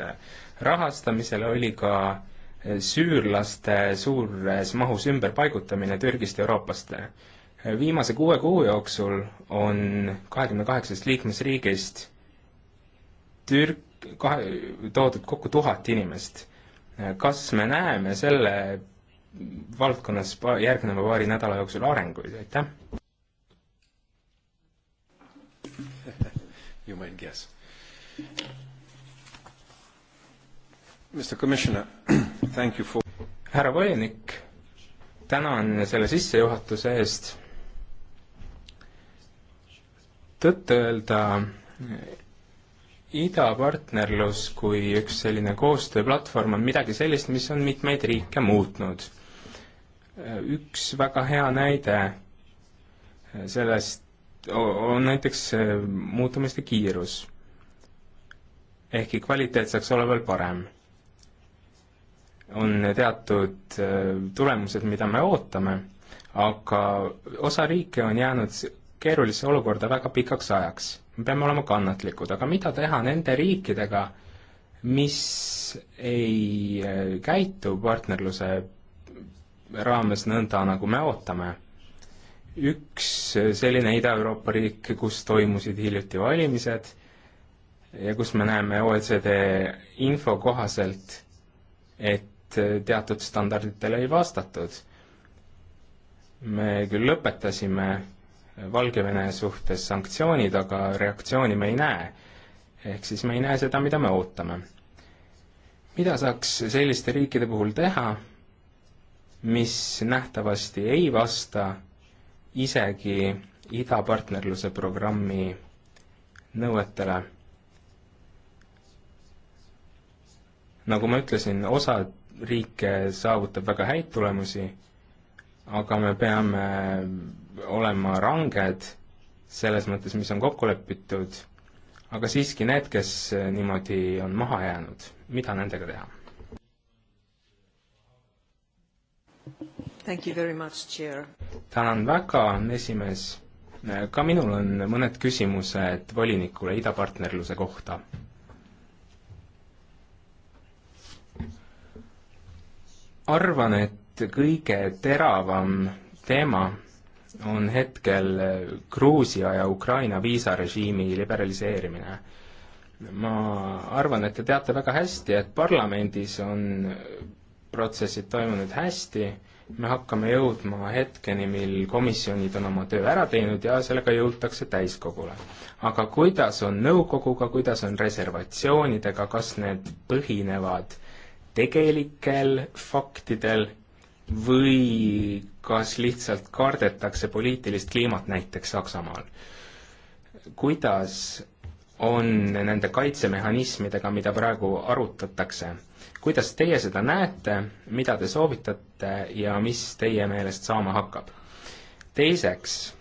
rahastamisele oli ka süürlaste suures mahus ümberpaigutamine Türgist Euroopast. viimase kuue kuu jooksul on kahekümne kaheksast liikmesriigist Türk-, kahe, toodud kokku tuhat inimest. kas me näeme selle valdkonnas pa-, järgneva paari nädala jooksul arenguid, aitäh! You might guess. For... härra volinik, tänan selle sissejuhatuse eest. tõtt-öelda idapartnerlus kui üks selline koostööplatvorm on midagi sellist, mis on mitmeid riike muutnud. üks väga hea näide sellest on näiteks muutumiste kiirus. ehkki kvaliteet saaks olla veel parem on teatud äh, tulemused, mida me ootame, aga osa riike on jäänud keerulisse olukorda väga pikaks ajaks. me peame olema kannatlikud, aga mida teha nende riikidega, mis ei äh, käitu partnerluse raames nõnda, nagu me ootame? üks äh, selline Ida-Euroopa riik, kus toimusid hiljuti valimised ja kus me näeme OECD info kohaselt, et Eh, teatud standarditele ei vastatud. me küll lõpetasime Valgevene suhtes sanktsioonid, aga reaktsiooni me ei näe. ehk siis me ei näe seda, mida me ootame. mida saaks selliste riikide puhul teha, mis nähtavasti ei vasta isegi idapartnerluse programmi nõuetele nagu ma ütlesin, osa riike saavutab väga häid tulemusi, aga me peame olema ranged selles mõttes, mis on kokku lepitud, aga siiski need, kes niimoodi on maha jäänud, mida nendega teha? tänan väga, esimees. ka minul on mõned küsimused volinikule idapartnerluse kohta arvan, et kõige teravam teema on hetkel Gruusia ja Ukraina viisarežiimi liberaliseerimine. ma arvan, et te teate väga hästi, et parlamendis on protsessid toimunud hästi, me hakkame jõudma hetkeni, mil komisjonid on oma töö ära teinud ja sellega jõutakse täiskogule. aga kuidas on nõukoguga, kuidas on reservatsioonidega, kas need põhinevad tegelikel faktidel või kas lihtsalt kardetakse poliitilist kliimat näiteks Saksamaal? kuidas on nende kaitsemehhanismidega, mida praegu arutatakse? kuidas teie seda näete, mida te soovitate ja mis teie meelest saama hakkab? teiseks,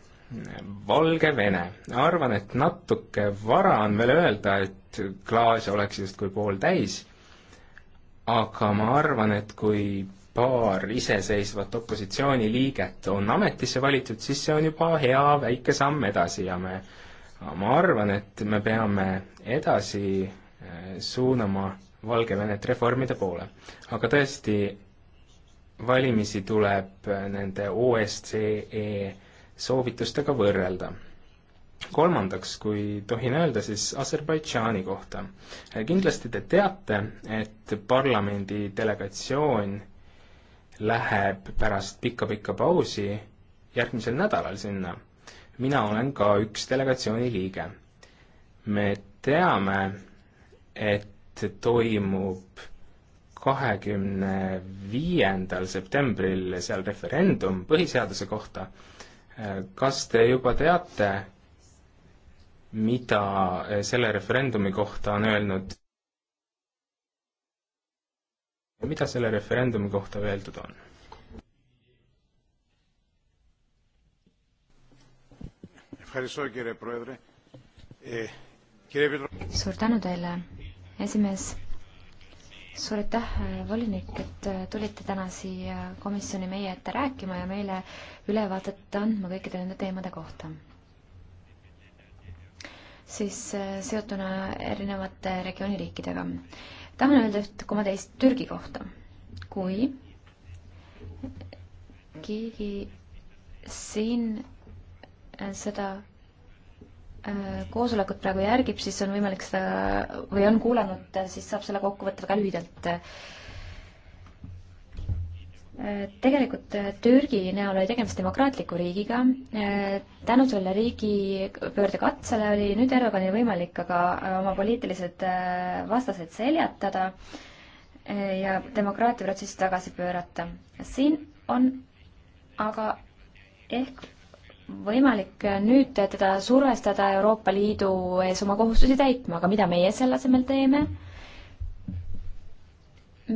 Valgevene. arvan, et natuke vara on veel öelda, et klaas oleks justkui pooltäis aga ma arvan, et kui paar iseseisvat opositsiooniliiget on ametisse valitud, siis see on juba hea väike samm edasi ja me, ma arvan, et me peame edasi eh, suunama Valgevenet reformide poole. aga tõesti, valimisi tuleb eh, nende OSCE soovitustega võrrelda kolmandaks, kui tohin öelda, siis Aserbaidžaani kohta. kindlasti te teate, et parlamendi delegatsioon läheb pärast pikka-pikka pausi järgmisel nädalal sinna. mina olen ka üks delegatsiooni liige. me teame, et toimub kahekümne viiendal septembril seal referendum põhiseaduse kohta. kas te juba teate, mida eh, selle referendumi kohta on öelnud mida selle referendumi kohta öeldud on? suur tänu teile, esimees. suur aitäh, eh, volinik, et eh, tulite täna siia komisjoni meie ette rääkima ja meile ülevaadet andma kõikide nende teemade kohta siis äh, seotuna erinevate regiooni riikidega. tahan öelda üht koma teist Türgi kohta. kui keegi siin äh, seda äh, koosolekut praegu järgib, siis on võimalik seda või on kuulanud, siis saab selle kokku võtta väga lühidalt tegelikult äh, Türgi näol oli tegemist demokraatliku riigiga, äh, tänu selle riigipöördekatsele oli nüüd Erdoganil võimalik aga äh, oma poliitilised vastased seljatada ja demokraatia protsessi tagasi pöörata. siin on aga ehk võimalik nüüd teda survestada Euroopa Liidu ees oma kohustusi täitma, aga mida meie selle asemel teeme?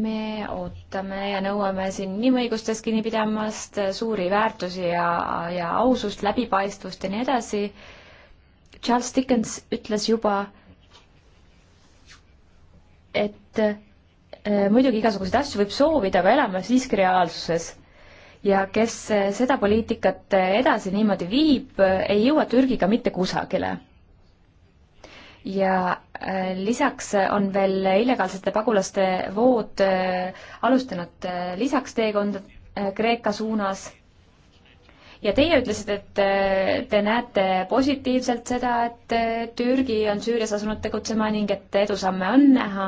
me ootame ja nõuame siin inimõigustes kinnipidamast, suuri väärtusi ja, ja ausust, läbipaistvust ja nii edasi. Charles Dickens ütles juba, et äh, muidugi igasuguseid asju võib soovida, aga elame siiski reaalsuses. ja kes äh, seda poliitikat äh, edasi niimoodi viib, äh, ei jõua Türgiga mitte kusagile ja äh, lisaks äh, on veel illegaalsete pagulaste vood äh, alustanud lisaks teekonda Kreeka suunas ja teie ütlesite, et te näete positiivselt seda, et Türgi on Süürias asunud tegutsema ning et edusamme on näha.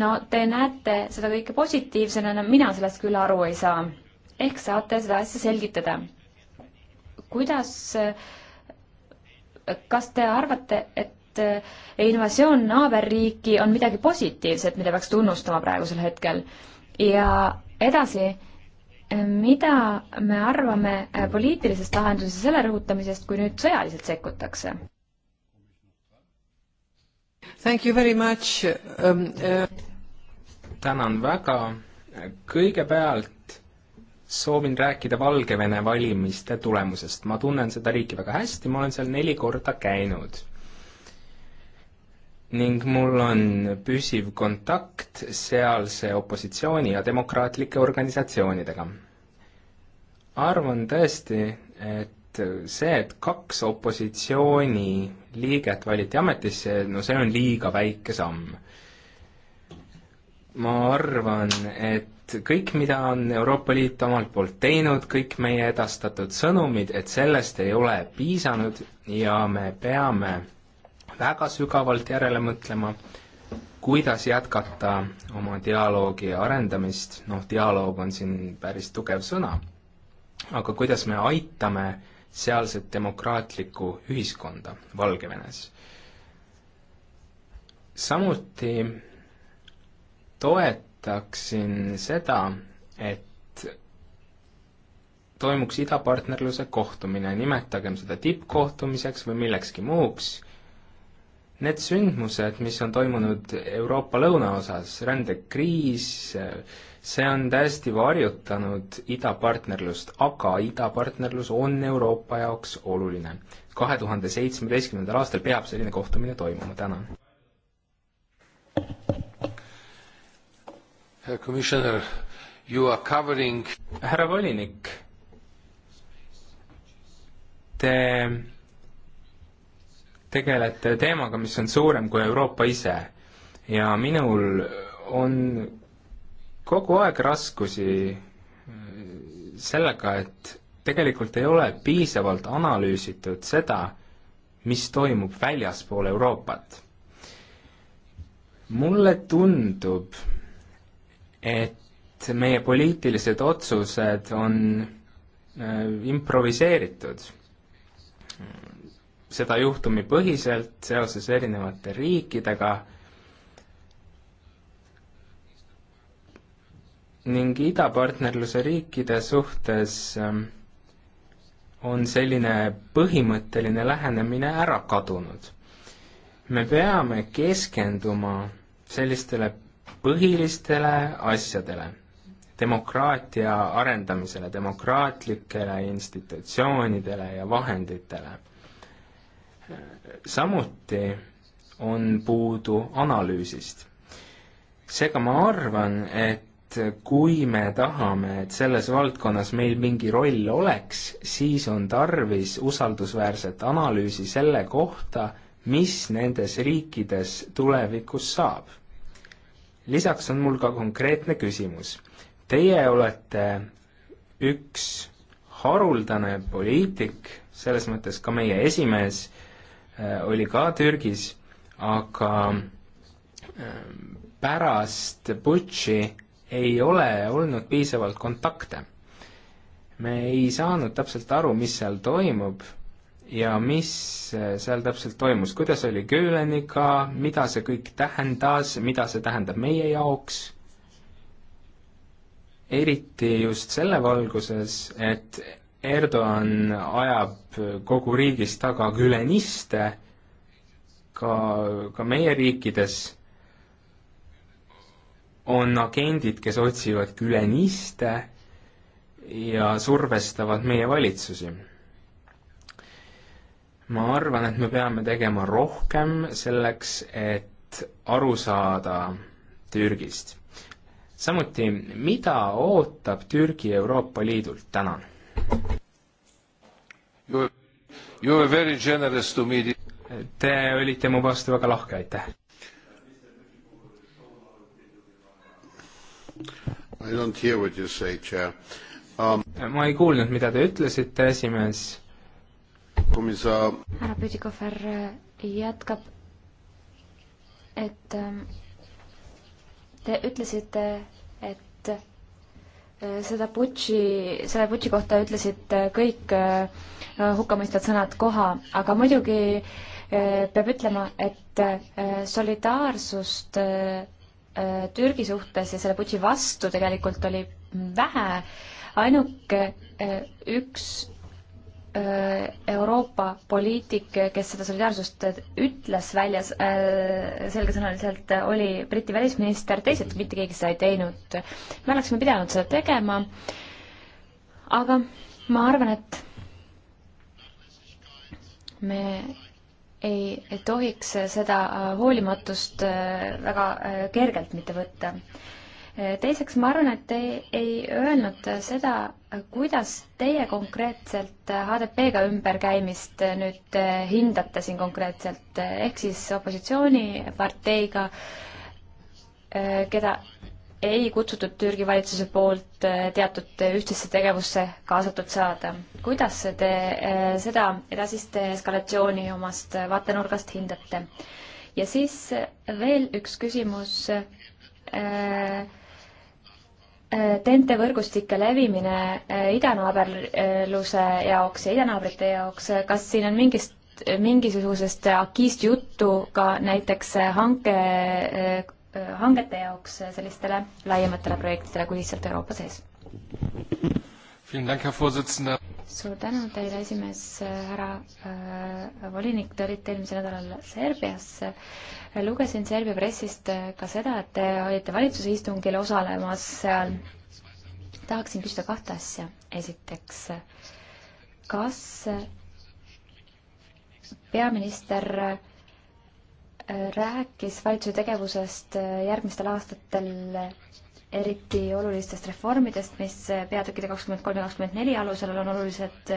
no te näete seda kõike positiivsena, no mina sellest küll aru ei saa. ehk saate seda asja selgitada? kuidas äh, kas te arvate, et eh, invasioon naaberriiki on midagi positiivset, mida peaks tunnustama praegusel hetkel? ja edasi, eh, mida me arvame eh, poliitilisest lahendusest, selle rõhutamisest, kui nüüd sõjaliselt sekkutakse? Thank you very much um,. Uh... tänan väga. kõigepealt soovin rääkida Valgevene valimiste tulemusest. ma tunnen seda riiki väga hästi, ma olen seal neli korda käinud. ning mul on püsiv kontakt sealse opositsiooni ja demokraatlike organisatsioonidega. arvan tõesti, et see, et kaks opositsiooni liiget valiti ametisse, no see on liiga väike samm. ma arvan, et et kõik, mida on Euroopa Liit omalt poolt teinud, kõik meie edastatud sõnumid, et sellest ei ole piisanud ja me peame väga sügavalt järele mõtlema, kuidas jätkata oma dialoogi arendamist, noh, dialoog on siin päris tugev sõna, aga kuidas me aitame sealset demokraatlikku ühiskonda Valgevenes. samuti toet-, toetaksin seda, et toimuks idapartnerluse kohtumine, nimetagem seda tippkohtumiseks või millekski muuks. Need sündmused, mis on toimunud Euroopa lõunaosas, rändekriis, see on täiesti varjutanud idapartnerlust, aga idapartnerlus on Euroopa jaoks oluline. kahe tuhande seitsmeteistkümnendal aastal peab selline kohtumine toimuma, tänan Covering... härra volinik, te tegelete teemaga, mis on suurem kui Euroopa ise ja minul on kogu aeg raskusi sellega, et tegelikult ei ole piisavalt analüüsitud seda, mis toimub väljaspool Euroopat. mulle tundub, et meie poliitilised otsused on äh, improviseeritud, seda juhtumipõhiselt seoses erinevate riikidega ning idapartnerluse riikide suhtes ähm, on selline põhimõtteline lähenemine ära kadunud. me peame keskenduma sellistele põhilistele asjadele, demokraatia arendamisele, demokraatlikele institutsioonidele ja vahenditele. samuti on puudu analüüsist. seega ma arvan, et kui me tahame, et selles valdkonnas meil mingi roll oleks, siis on tarvis usaldusväärset analüüsi selle kohta, mis nendes riikides tulevikus saab lisaks on mul ka konkreetne küsimus. Teie olete üks haruldane poliitik, selles mõttes ka meie esimees äh, oli ka Türgis, aga äh, pärast Butši ei ole olnud piisavalt kontakte. me ei saanud täpselt aru, mis seal toimub ja mis äh, seal täpselt toimus, kuidas oli Gööleniga, mida see kõik tähendas, mida see tähendab meie jaoks, eriti just selle valguses, et Erdoğan ajab kogu riigis taga güleniste, ka, ka meie riikides on agendid, kes otsivad güleniste ja survestavad meie valitsusi ma arvan, et me peame tegema rohkem selleks, et aru saada Türgist. samuti, mida ootab Türgi Euroopa Liidult, tänan? Te olite mu vastu väga lahke, aitäh! I don't hear what you say, chair um.... ma ei kuulnud, mida te ütlesite, esimees Komisar... härra Püdikofer jätkab, et ähm, te ütlesite, et äh, seda putši, selle putši kohta ütlesid äh, kõik äh, hukkamõistvad sõnad koha, aga muidugi peab ütlema, et solidaarsust Türgi suhtes ja selle putši vastu tegelikult oli vähe, ainuke üks Äh, Euroopa poliitik, kes seda solidaarsust ütles väljas äh, selgesõnaliselt, äh, oli Briti välisminister, teised mitte keegi seda ei teinud. me oleksime pidanud seda tegema, aga ma arvan, et me ei tohiks seda hoolimatust väga kergelt mitte võtta teiseks, ma arvan, et te ei öelnud seda, kuidas teie konkreetselt HDP-ga ümberkäimist nüüd eh, hindate siin konkreetselt, ehk siis opositsiooniparteiga, eh, keda ei kutsutud Türgi valitsuse poolt eh, teatud ühtsesse tegevusse kaasatud saada. kuidas te seda edasist eskalatsiooni omast vaatenurgast hindate? ja siis veel üks küsimus äh, TNT äh, võrgustike levimine äh, idanaaberluse jaoks ja idanaabrite jaoks, äh, kas siin on mingist, mingisugusest akiist juttu ka näiteks hanke, hangete jaoks sellistele laiematele projektidele kui lihtsalt Euroopa sees? suur tänu teile, esimees härra äh, volinik, te olite eelmisel nädalal Serbias. lugesin Serbia pressist äh, ka seda, et te olite valitsuse istungil osalemas seal. tahaksin küsida kahte asja. esiteks, kas peaminister äh, rääkis valitsuse tegevusest äh, järgmistel aastatel eriti olulistest reformidest, mis peatükkide kakskümmend kolm ja kakskümmend neli alusel on olulised.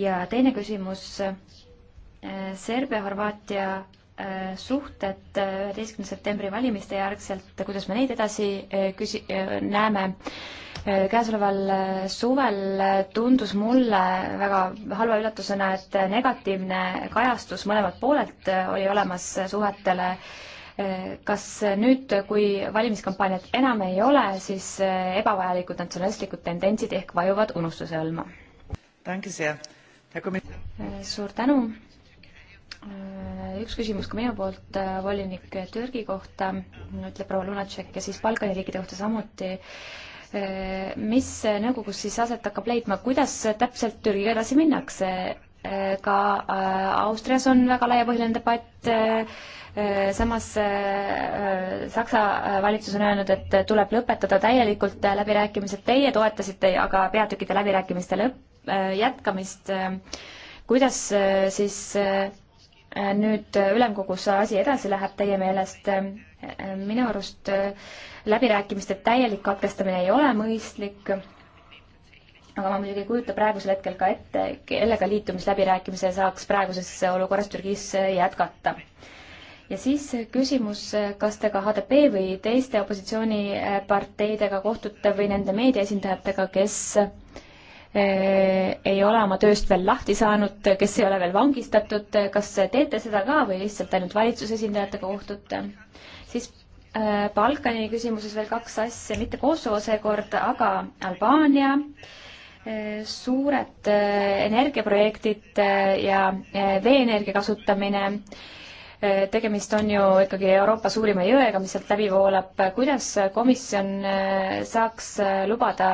ja teine küsimus, äh, Serbia, Horvaatia äh, suhted äh, üheteistkümnenda septembri valimiste järgselt, kuidas me neid edasi küsi-, näeme? käesoleval suvel tundus mulle väga halva üllatusena, et negatiivne kajastus mõlemalt poolelt oli olemas suhetele äh, kas nüüd, kui valimiskampaaniat enam ei ole, siis ebavajalikud natsionalistlikud tendentsid ehk vajuvad unustuse hõlma? suur tänu. üks küsimus ka minu poolt äh, volinik Türgi kohta, ütleb proua Lunatšek ja siis Balkani riikide kohta samuti äh, mis nõukogus siis aset hakkab leidma, kuidas täpselt Türgiga edasi minnakse? ka äh, Austrias on väga laiapõhjaline debatt, äh, äh, samas Saksa valitsus on öelnud, et tuleb lõpetada täielikult läbirääkimised, teie toetasite aga peatükkide läbirääkimiste lõpp, jätkamist, kuidas siis nüüd ülemkogus asi edasi läheb teie meelest, minu arust läbirääkimiste täielik katkestamine ei ole mõistlik aga ma muidugi ei kujuta praegusel hetkel ka ette, kellega liitumisläbirääkimise saaks praeguses olukorras Türgis jätkata. ja siis küsimus, kas te ka HDP või teiste opositsiooniparteidega kohtute või nende meediaesindajatega, kes eh, ei ole oma tööst veel lahti saanud, kes ei ole veel vangistatud, kas teete seda ka või lihtsalt ainult valitsuse esindajatega kohtute? siis eh, Balkani küsimuses veel kaks asja, mitte Kosovo seekord, aga Albaania äh, suured eh, energiaprojektid eh, ja eh, veeenergia kasutamine, tegemist on ju ikkagi Euroopa suurima jõega, mis sealt läbi voolab, kuidas komisjon saaks lubada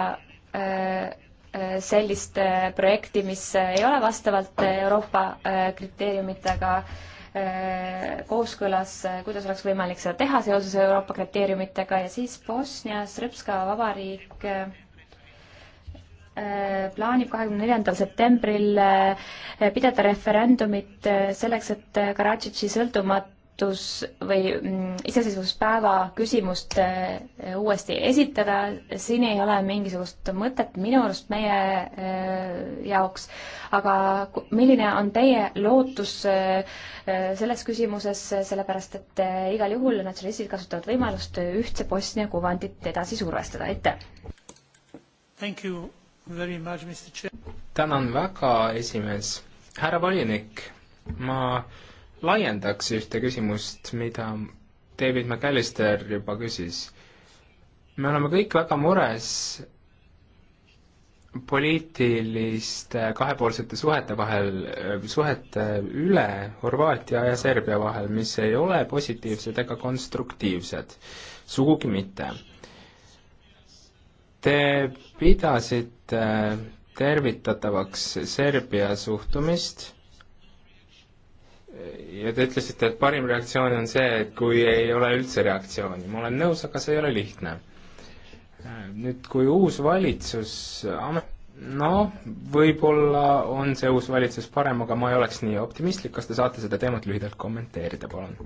sellist projekti, mis ei ole vastavalt Euroopa kriteeriumitega kooskõlas, kuidas oleks võimalik seda teha seoses Euroopa kriteeriumitega ja siis Bosnia-Srpska Vabariik Äh, plaanib kahekümne neljandal septembril äh, pidada referendumit äh, selleks, et Karadžitši sõltumatus või mm, iseseisvuspäeva küsimust uuesti esitada. siin ei ole mingisugust mõtet minu arust meie jaoks, aga milline on teie lootus selles küsimuses, sellepärast et igal juhul natsionalistid kasutavad võimalust ühtse Bosnia kuvandit edasi survestada, aitäh! Thank you tänan väga, esimees. härra volinik, ma laiendaks ühte küsimust, mida David McAllister juba küsis. me oleme kõik väga mures poliitiliste kahepoolsete suhete vahel, suhete üle Horvaatia ja Serbia vahel, mis ei ole positiivsed ega konstruktiivsed, sugugi mitte. Te pidasite äh, tervitatavaks Serbia suhtumist ja te ütlesite, et parim reaktsioon on see, et kui ei ole üldse reaktsiooni. ma olen nõus, aga see ei ole lihtne. Äh, nüüd, kui uus valitsus, noh, võib-olla on see uus valitsus parem, aga ma ei oleks nii optimistlik, kas te saate seda teemat lühidalt kommenteerida, palun?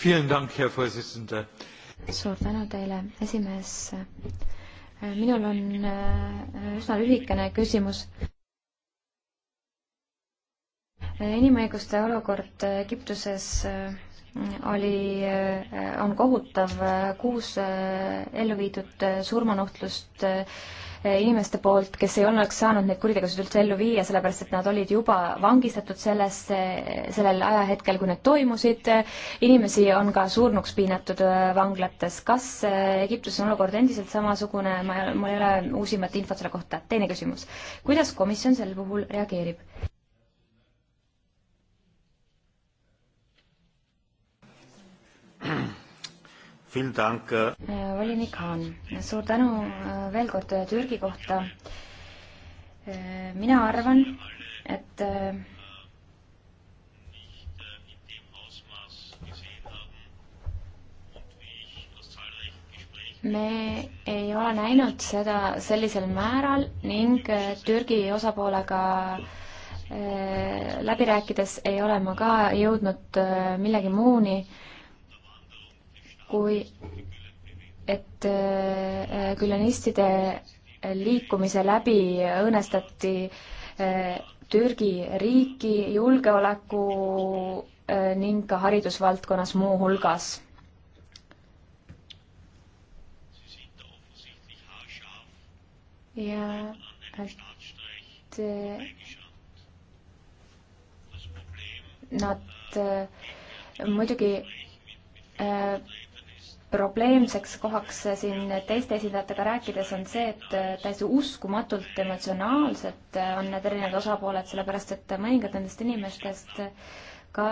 suur tänu teile, esimees. minul on äh, üsna lühikene küsimus. inimõiguste olukord Egiptuses äh, oli, äh, on kohutav, kuus ellu viidud surmanuhtlust Eh, inimeste poolt, kes ei oleks saanud neid kuritegusid üldse ellu viia, sellepärast et nad olid juba vangistatud sellesse, sellel ajahetkel, kui need toimusid. inimesi on ka surnuks piinatud eh, vanglates. kas eh, Egiptuses on olukord endiselt samasugune, ma, mul ei ole uusimat infot selle kohta. teine küsimus, kuidas komisjon sel puhul reageerib? volinik Haan, suur tänu äh, veel kord äh, Türgi kohta. Äh, mina arvan, et me ei ole näinud seda sellisel määral ning Türgi osapoolega läbi rääkides ei ole ma ka jõudnud millegi muuni kui et äh, külanistide liikumise läbi õõnestati äh, Türgi riiki julgeoleku äh, ning ka haridusvaldkonnas muuhulgas ja et nad muidugi probleemseks kohaks siin teiste esindajatega rääkides on see, et täiesti uskumatult emotsionaalsed on need erinevad osapooled, sellepärast et mõningad nendest inimestest ka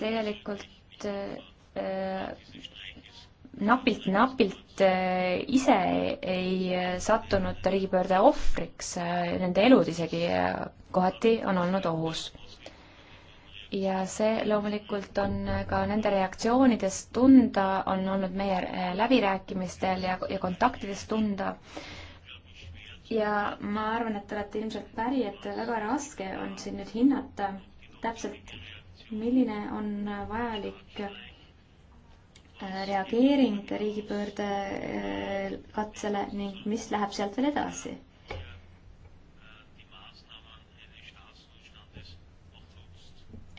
tegelikult napilt-napilt äh, äh, ise ei sattunud riigipöörde ohvriks, äh, nende elud isegi kohati on olnud ohus ja see loomulikult on ka nende reaktsioonidest tunda, on olnud meie eh, läbirääkimistel ja, ja kontaktides tunda. ja ma arvan, et te olete ilmselt päri, et väga raske on siin nüüd hinnata täpselt, milline on vajalik eh, reageering riigipöörde eh, katsele ning mis läheb sealt veel edasi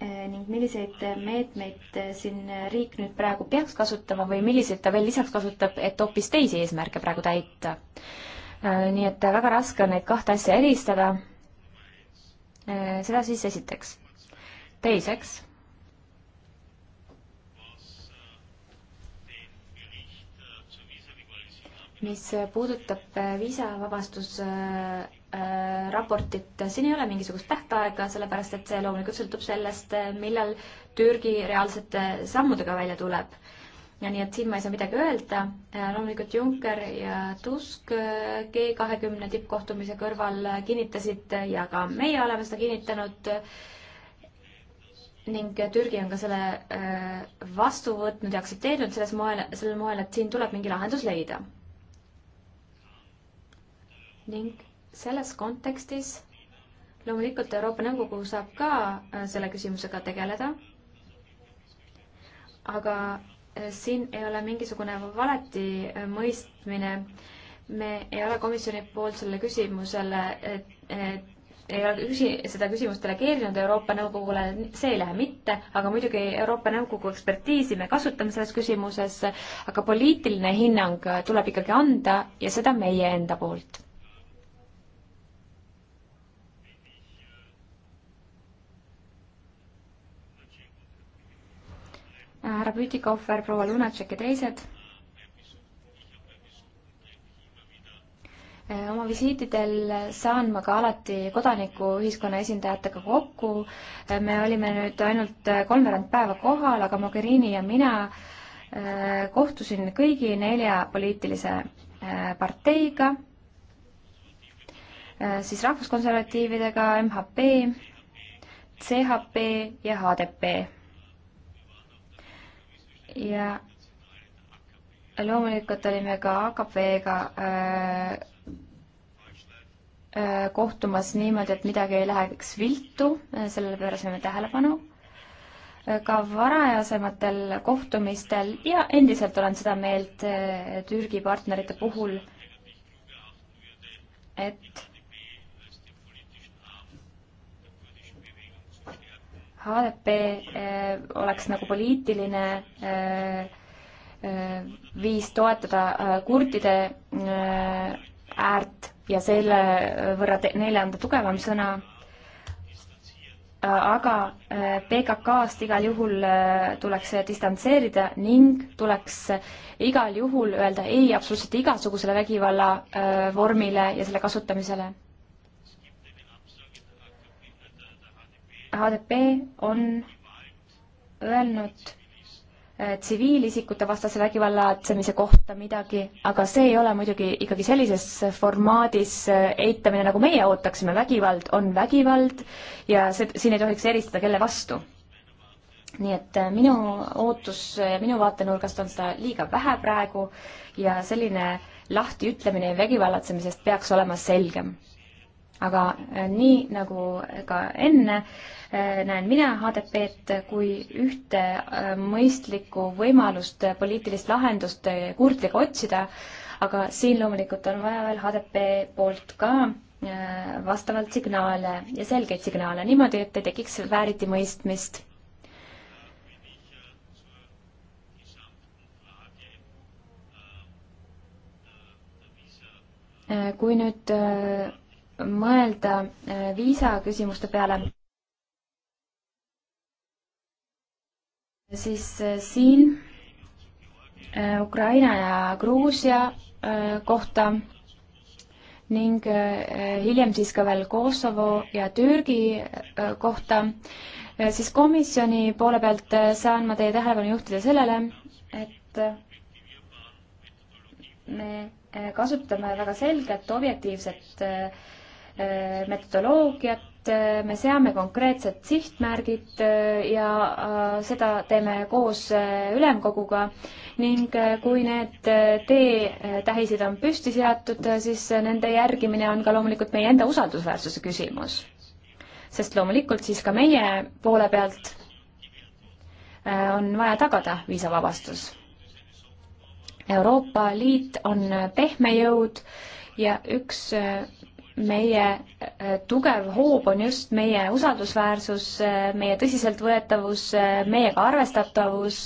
Eh, ning milliseid meetmeid eh, siin eh, riik nüüd praegu peaks kasutama või milliseid ta veel lisaks kasutab, et hoopis teisi eesmärke praegu täita. nii et väga raske on neid kahte asja eristada. seda siis esiteks. teiseks mis puudutab viisavabastuse Äh, raportit, siin ei ole mingisugust tähtaega, sellepärast et see loomulikult sõltub sellest, äh, millal Türgi reaalsete sammudega välja tuleb. ja nii, et siin ma ei saa midagi öelda, äh, loomulikult Juncker ja Tusk G kahekümne tippkohtumise kõrval kinnitasid ja ka meie oleme seda kinnitanud, ning Türgi on ka selle vastu võtnud ja aktsepteerinud selles moel, sellel moel, et siin tuleb mingi lahendus leida. ning selles kontekstis loomulikult Euroopa Nõukogu saab ka äh, selle küsimusega tegeleda, aga äh, siin ei ole mingisugune valeti äh, mõistmine. me ei ole komisjoni poolt sellele küsimusele, ei ole küsi-, seda küsimust delegeerinud Euroopa Nõukogule, see ei lähe mitte, aga muidugi Euroopa Nõukogu ekspertiisi me kasutame selles küsimuses, aga poliitiline hinnang tuleb ikkagi anda ja seda meie enda poolt härra Pütikohver, proua Lunatšek ja teised. Äh, oma visiitidel saan ma ka alati kodanikuühiskonna esindajatega kokku. Äh, me olime nüüd ainult äh, kolmveerand päeva kohal, aga Mogherini ja mina kohtusin kõigi nelja poliitilise parteiga, siis rahvuskonservatiividega, MHP, CHP ja HDP ja loomulikult olime ka AKP-ga äh, äh, kohtumas niimoodi, et midagi ei läheks viltu, äh, sellele pöörasime tähelepanu. ka varajasematel kohtumistel ja endiselt olen seda meelt Türgi partnerite puhul, et HDP eh, oleks nagu poliitiline eh, eh, viis toetada kurtide äärt ja selle võrra neile anda tugevam sõna aga PKK-st igal juhul tuleks distantseerida ning tuleks igal juhul öelda ei absoluutselt igasugusele vägivalla vormile ja selle kasutamisele. HDP on öelnud äh, tsiviilisikute vastase vägivalla äratsemise kohta midagi, aga see ei ole muidugi ikkagi sellises formaadis äh, eitamine, nagu meie ootaksime, vägivald on vägivald ja see, siin ei tohiks eristada, kelle vastu. nii et äh, minu ootus ja minu vaatenurgast on seda liiga vähe praegu ja selline lahtiütlemine vägivallatsemisest peaks olema selgem aga äh, nii nagu ka enne, äh, näen mina HDP-d kui ühte äh, mõistlikku võimalust poliitilist lahendust kurdliga otsida, aga siin loomulikult on vaja veel HDP poolt ka vastavalt signaale ja selgeid signaale niimoodi, et ei tekiks vääritimõistmist. kui nüüd mõelda äh, viisaküsimuste peale, siis äh, siin äh, Ukraina ja Gruusia kohta ning hiljem siis ka veel Kosovo ja Türgi kohta, siis komisjoni poole pealt saan ma teie tähelepanu juhtida sellele, et me kasutame väga selget objektiivset äh, Äh, metodoloogiat, äh, me seame konkreetsed sihtmärgid äh, ja seda teeme koos ülemkoguga ning kui need teetähised on püsti seatud, siis nende järgimine on ka loomulikult meie enda usaldusväärsuse küsimus. sest loomulikult siis ka meie poole pealt on vaja tagada viisavabastus. Euroopa Liit on pehme jõud ja üks meie äh, tugev hoob on just meie usaldusväärsus, äh, meie tõsiseltvõetavus, äh, meiega arvestatavus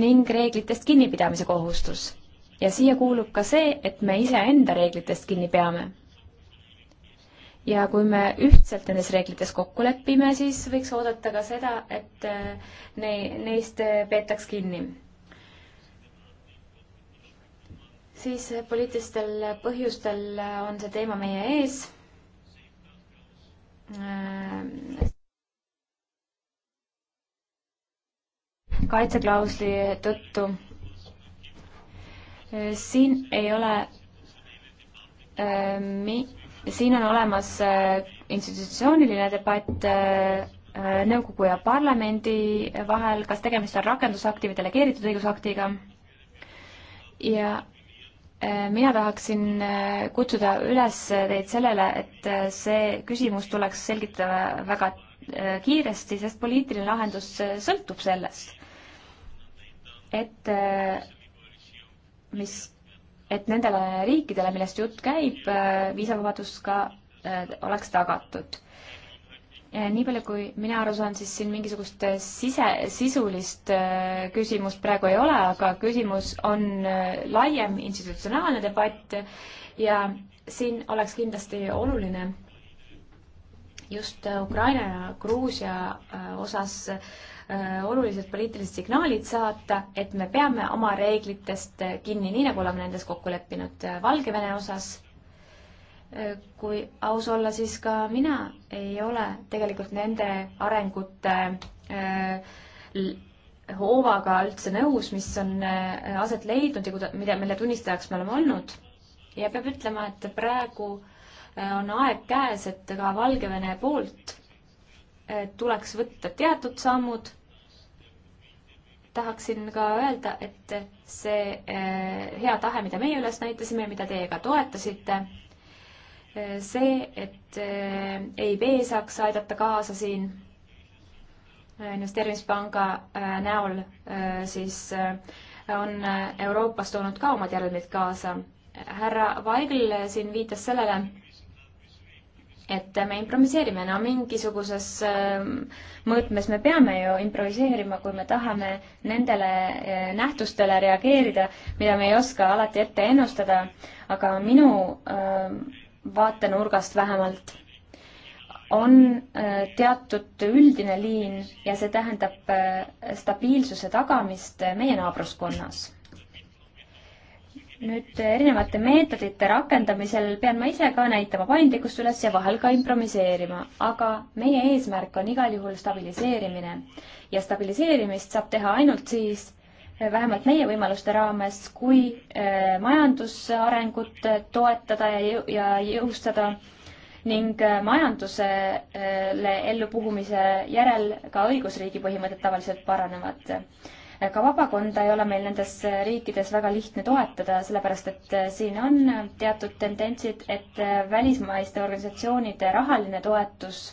ning reeglitest kinnipidamise kohustus. ja siia kuulub ka see, et me iseenda reeglitest kinni peame. ja kui me ühtselt nendes reeglites kokku lepime, siis võiks oodata ka seda, et ne-, neist peetaks kinni siis poliitilistel põhjustel on see teema meie ees. kaitseklausli tõttu. siin ei ole äh, mi-, siin on olemas äh, institutsiooniline debatt äh, nõukogu ja parlamendi vahel, kas tegemist on rakendusaktide delegeeritud õigusaktiga ja Äh, mina tahaksin äh, kutsuda üles teid sellele, et äh, see küsimus tuleks selgitada väga kiiresti, sest poliitiline lahendus sõltub sellest, et mis, et nendele riikidele, millest jutt käib, viisavabadus ka oleks tagatud Eh, nii palju, kui mina aru saan, siis siin mingisugust eh, sise, sisulist eh, küsimust praegu ei ole, aga küsimus on laiem institutsionaalne debatt ja siin oleks kindlasti oluline just Ukraina ja Gruusia osas olulised poliitilised signaalid saata, et me peame oma reeglitest kinni, nii nagu oleme nendes kokku leppinud Valgevene osas kui aus olla, siis ka mina ei ole tegelikult nende arengute äh, hoovaga üldse nõus, mis on äh, aset leidnud ja kuida-, mida, mille tunnistajaks me oleme olnud. ja peab ütlema, et praegu äh, on aeg käes, et ka Valgevene poolt tuleks võtta teatud sammud. tahaksin ka öelda, et see hea tahe, mida meie üles näitasime ja mida teie ka toetasite see, et EIB eh, e saaks aidata kaasa siin eh, investeerimispanga eh, näol, siis on Euroopas toonud ka omad järelmid kaasa. härra Vaigel siin viitas sellele, et me improviseerime, no mingisuguses mõõtmes me peame ju improviseerima, kui me tahame nendele nähtustele reageerida, mida me ei oska alati ette ennustada, aga minu äh, vaatenurgast vähemalt, on äh, teatud üldine liin ja see tähendab äh, stabiilsuse tagamist äh, meie naabruskonnas. nüüd erinevate meetodite rakendamisel pean ma ise ka näitama paindlikkust üles ja vahel ka improviseerima, aga meie eesmärk on igal juhul stabiliseerimine ja stabiliseerimist saab teha ainult siis, vähemalt meie võimaluste raames, kui eh, majandusarengut eh, toetada ja, ja jõustada ning eh, majandusele ellupuhumise järel ka õigusriigi põhimõtted tavaliselt paranevad. ka vabakonda ei ole meil nendes riikides väga lihtne toetada, sellepärast et siin on teatud tendentsid, et välismaiste organisatsioonide rahaline toetus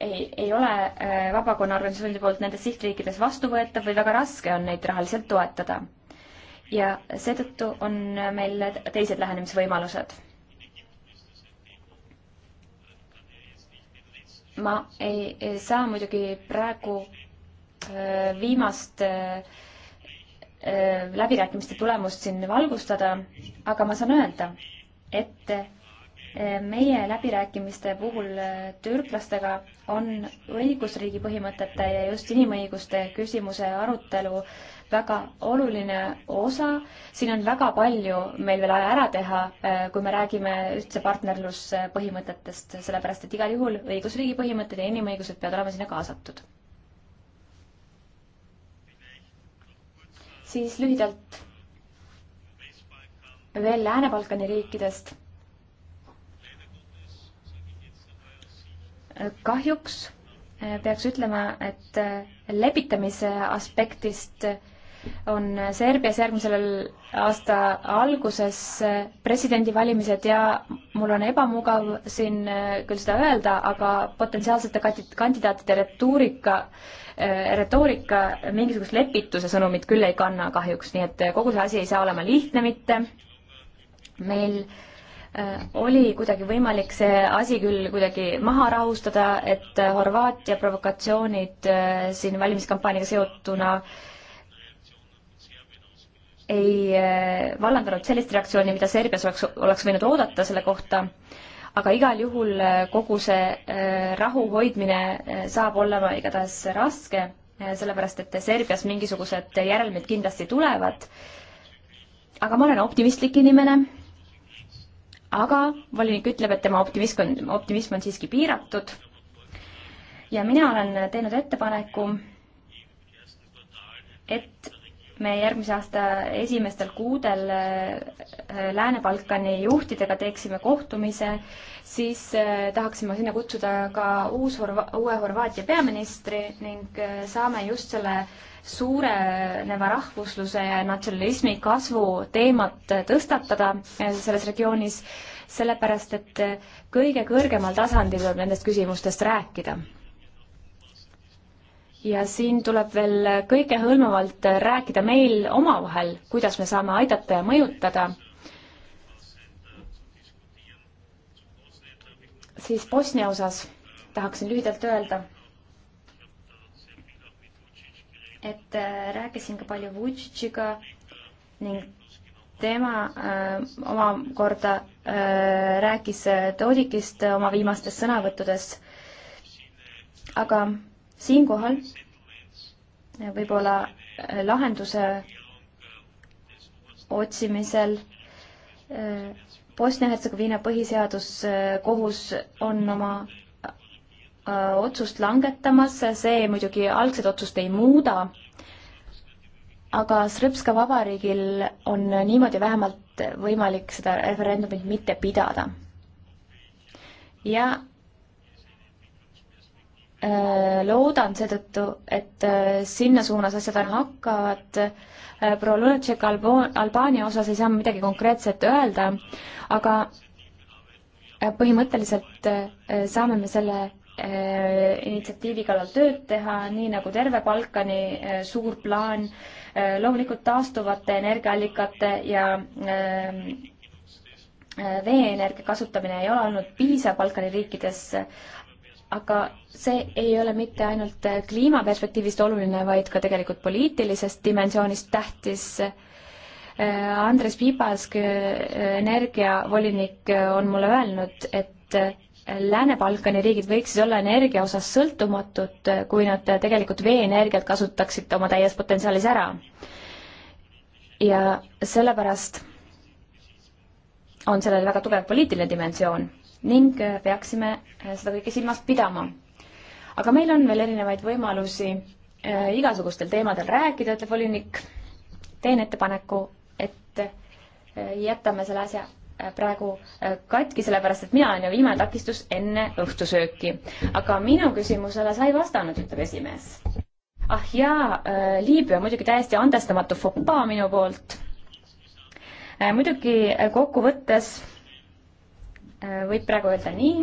ei, ei ole äh, vabakonna organisatsioonide poolt nendes sihtriikides vastuvõetav või väga raske on neid rahaliselt toetada. ja seetõttu on meil teised lähenemisvõimalused. ma ei, ei saa muidugi praegu äh, viimast äh, läbirääkimiste tulemust siin valgustada, aga ma saan öelda, et meie läbirääkimiste puhul äh, türklastega on õigusriigi põhimõtete ja just inimõiguste küsimuse arutelu väga oluline osa. siin on väga palju meil veel ära teha, äh, kui me räägime üldse partnerluspõhimõtetest, äh, sellepärast et igal juhul õigusriigi põhimõtted ja inimõigused peavad olema sinna kaasatud. siis lühidalt veel Lääne-Balkani riikidest kahjuks eh, peaks ütlema, et eh, lepitamise aspektist eh, on Serbias järgmisel aasta alguses presidendivalimised ja mul on ebamugav siin küll seda öelda, aga potentsiaalsete kandidaatide retoorika, retoorika mingisugust lepituse sõnumit küll ei kanna kahjuks, nii et kogu see asi ei saa olema lihtne mitte. meil äh, Äh, oli kuidagi võimalik see asi küll kuidagi maha rahustada, et äh, Horvaatia provokatsioonid äh, siin valimiskampaaniaga seotuna ei vallandanud sellist reaktsiooni, mida Serbias oleks, oleks võinud oodata selle kohta, aga igal juhul kogu see rahu hoidmine saab olema igatahes raske, sellepärast et Serbias mingisugused järelmid kindlasti tulevad, aga ma olen optimistlik inimene aga volinik ütleb, et tema optimism on, optimism on siiski piiratud. ja mina olen teinud ettepaneku, et me järgmise aasta esimestel kuudel äh, Lääne-Balkani juhtidega teeksime kohtumise, siis äh, tahaksime sinna kutsuda ka uus Horva-, uue Horvaatia peaministri ning äh, saame just selle suureneva rahvusluse ja natsionalismi kasvu teemat tõstatada selles regioonis, sellepärast et kõige kõrgemal tasandil tuleb nendest küsimustest rääkida ja siin tuleb veel kõikehõlmavalt rääkida meil omavahel, kuidas me saame aidata ja mõjutada. siis Bosnia osas tahaksin lühidalt öelda, et äh, rääkisin ka palju Vutšitšiga ning tema äh, omakorda äh, rääkis äh, Todikist oma viimastes sõnavõttudes. aga siinkohal võib-olla äh, lahenduse otsimisel äh, Bosnia-Hertsegoviina põhiseaduskohus äh, on oma otsust langetamas, see muidugi algset otsust ei muuda, aga Srpska vabariigil on niimoodi vähemalt võimalik seda referendumit mitte pidada. ja Äh, loodan seetõttu, et äh, sinna suunas asjad aina hakkavad. Äh, proua Lunatšek Albaania osas ei saa ma midagi konkreetset öelda, aga põhimõtteliselt saame me selle initsiatiivi kallal tööd teha, nii nagu terve Balkani suur plaan, loomulikult taastuvate energiaallikate ja ähm, veeenergia kasutamine ei ole olnud piisav Balkani riikides, aga see ei ole mitte ainult kliimaperspektiivist oluline, vaid ka tegelikult poliitilisest dimensioonist tähtis. Andres Piibask, energiavolinik, on mulle öelnud, et Lääne-Balkani riigid võiksid olla energia osas sõltumatud, kui nad tegelikult veeenergiat kasutaksid oma täies potentsiaalis ära. ja sellepärast on sellel väga tugev poliitiline dimensioon ning äh, peaksime äh, seda kõike silmas pidama. aga meil on veel erinevaid võimalusi äh, igasugustel teemadel rääkida, ütleb volinik. teen ettepaneku, et jätame selle asja praegu katki, sellepärast et mina olen ju viimane takistus enne õhtusööki. aga minu küsimusele sa ei vastanud, ütleb esimees. ah jaa, Liibüa muidugi täiesti andestamatu fopaa minu poolt. muidugi kokkuvõttes Äh, võib praegu öelda nii,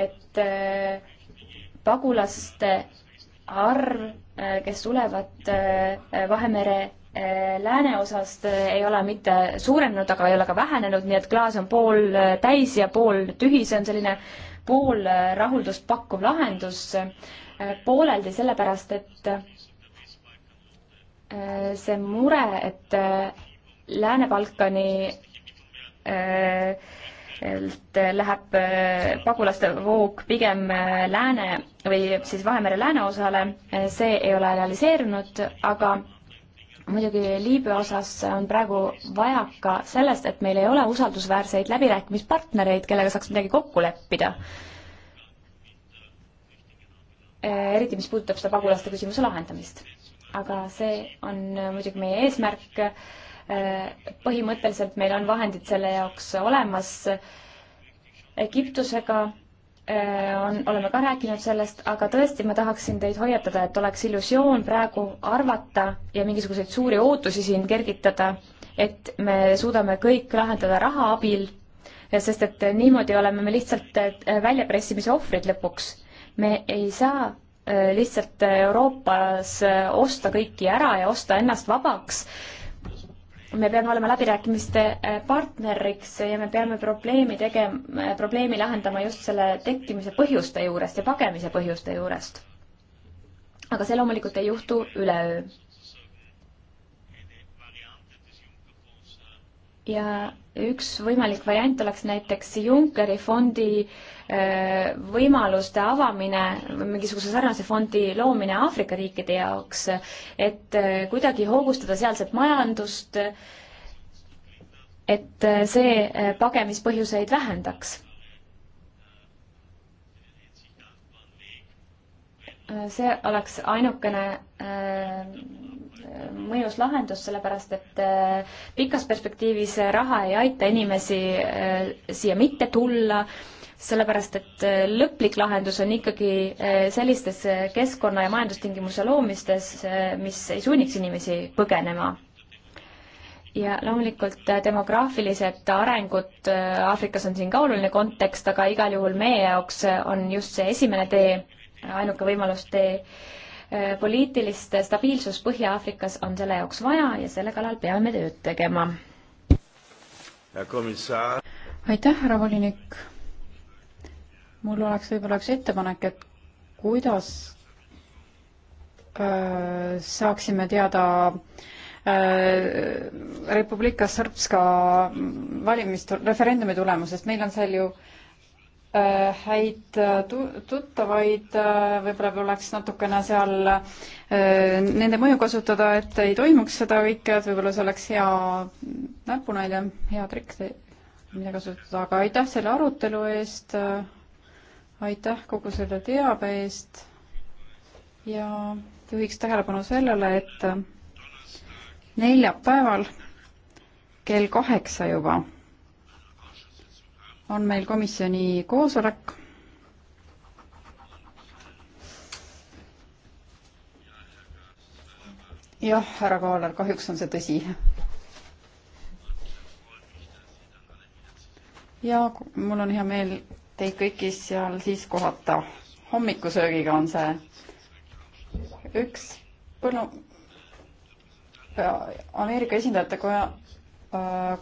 et äh, pagulaste arv, äh, kes tulevad Vahemere lääneosast ei ole mitte suurenenud, aga ei ole ka vähenenud, nii et klaas on pool täis ja pool tühi, see on selline pool rahuldust pakkuv lahendus. pooleldi sellepärast, et see mure, et Lääne-Balkani Äh, äh, läheb äh, pagulaste voog pigem lääne või siis Vahemere lääneosale, see ei ole realiseerunud, aga muidugi Liibüa osas on praegu vajaka sellest, et meil ei ole usaldusväärseid läbirääkimispartnereid, kellega saaks midagi kokku leppida. eriti, mis puudutab seda pagulaste küsimuse lahendamist. aga see on muidugi meie eesmärk põhimõtteliselt meil on vahendid selle jaoks olemas. Egiptusega äh, on, oleme ka rääkinud sellest, aga tõesti, ma tahaksin teid hoiatada, et oleks illusioon praegu arvata ja mingisuguseid suuri ootusi siin kergitada, et me suudame kõik lahendada raha abil, sest et niimoodi oleme me lihtsalt äh, väljapressimise ohvrid lõpuks. me ei saa äh, lihtsalt Euroopas osta kõiki ära ja osta ennast vabaks me peame olema läbirääkimiste äh, partneriks ja me peame probleemi tegema, äh, probleemi lahendama just selle tekkimise põhjuste juurest ja pagemise põhjuste juurest. aga see loomulikult ei juhtu üleöö ja üks võimalik variant oleks näiteks Junckeri fondi äh, võimaluste avamine, mingisuguse sarnase fondi loomine Aafrika riikide jaoks, et äh, kuidagi hoogustada sealset majandust, et äh, see pagemispõhjuseid vähendaks. see oleks ainukene mõjus lahendus, sellepärast et äh, pikas perspektiivis äh, raha ei aita inimesi äh, siia mitte tulla, sellepärast et lõplik lahendus on ikkagi sellistes keskkonna- ja majandustingimuse loomistes, mis ei sunniks inimesi põgenema ja loomulikult demograafilised arengud Aafrikas on siin ka oluline kontekst, aga igal juhul meie jaoks on just see esimene tee, ainuke võimalus tee Äh, poliitilist stabiilsust Põhja-Aafrikas on selle jaoks vaja ja selle kallal peame tööd tegema. aitäh, härra volinik. mul oleks võib-olla üks ettepanek, et kuidas öö, äh, saaksime teada öö, äh, Republika Srpska valimist, referendumi tulemusest, meil on seal ju äh, Äh, häid äh, tuttavaid, äh, võib-olla tuleks natukene seal nende mõju kasutada, et ei toimuks seda kõike, et võib-olla see oleks hea näpunäide, hea trikk, mida kasutada, aga aitäh selle arutelu eest, aitäh kogu selle teabe eest ja juhiks tähelepanu sellele, et neljapäeval kell kaheksa juba on meil komisjoni koosolek. jah, härra Kaalar, kahjuks on see tõsi. ja mul on hea meel teid kõiki seal siis kohata. hommikusöögiga on see üks põllu, Ameerika esindajate koja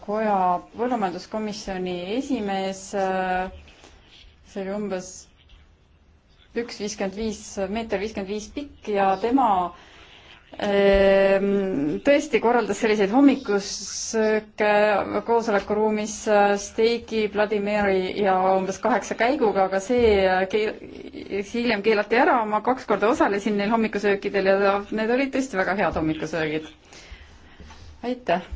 koja põllumajanduskomisjoni esimees, äh, see oli umbes üks viiskümmend viis, meeter viiskümmend viis pikk ja tema ähm, tõesti korraldas selliseid hommikusööke koosolekuruumis äh, steigi, Bloody Mary ja umbes kaheksa käiguga, aga see äh, keel, hiljem keelati ära, ma kaks korda osalesin neil hommikusöökidel ja need olid tõesti väga head hommikusöögid. aitäh!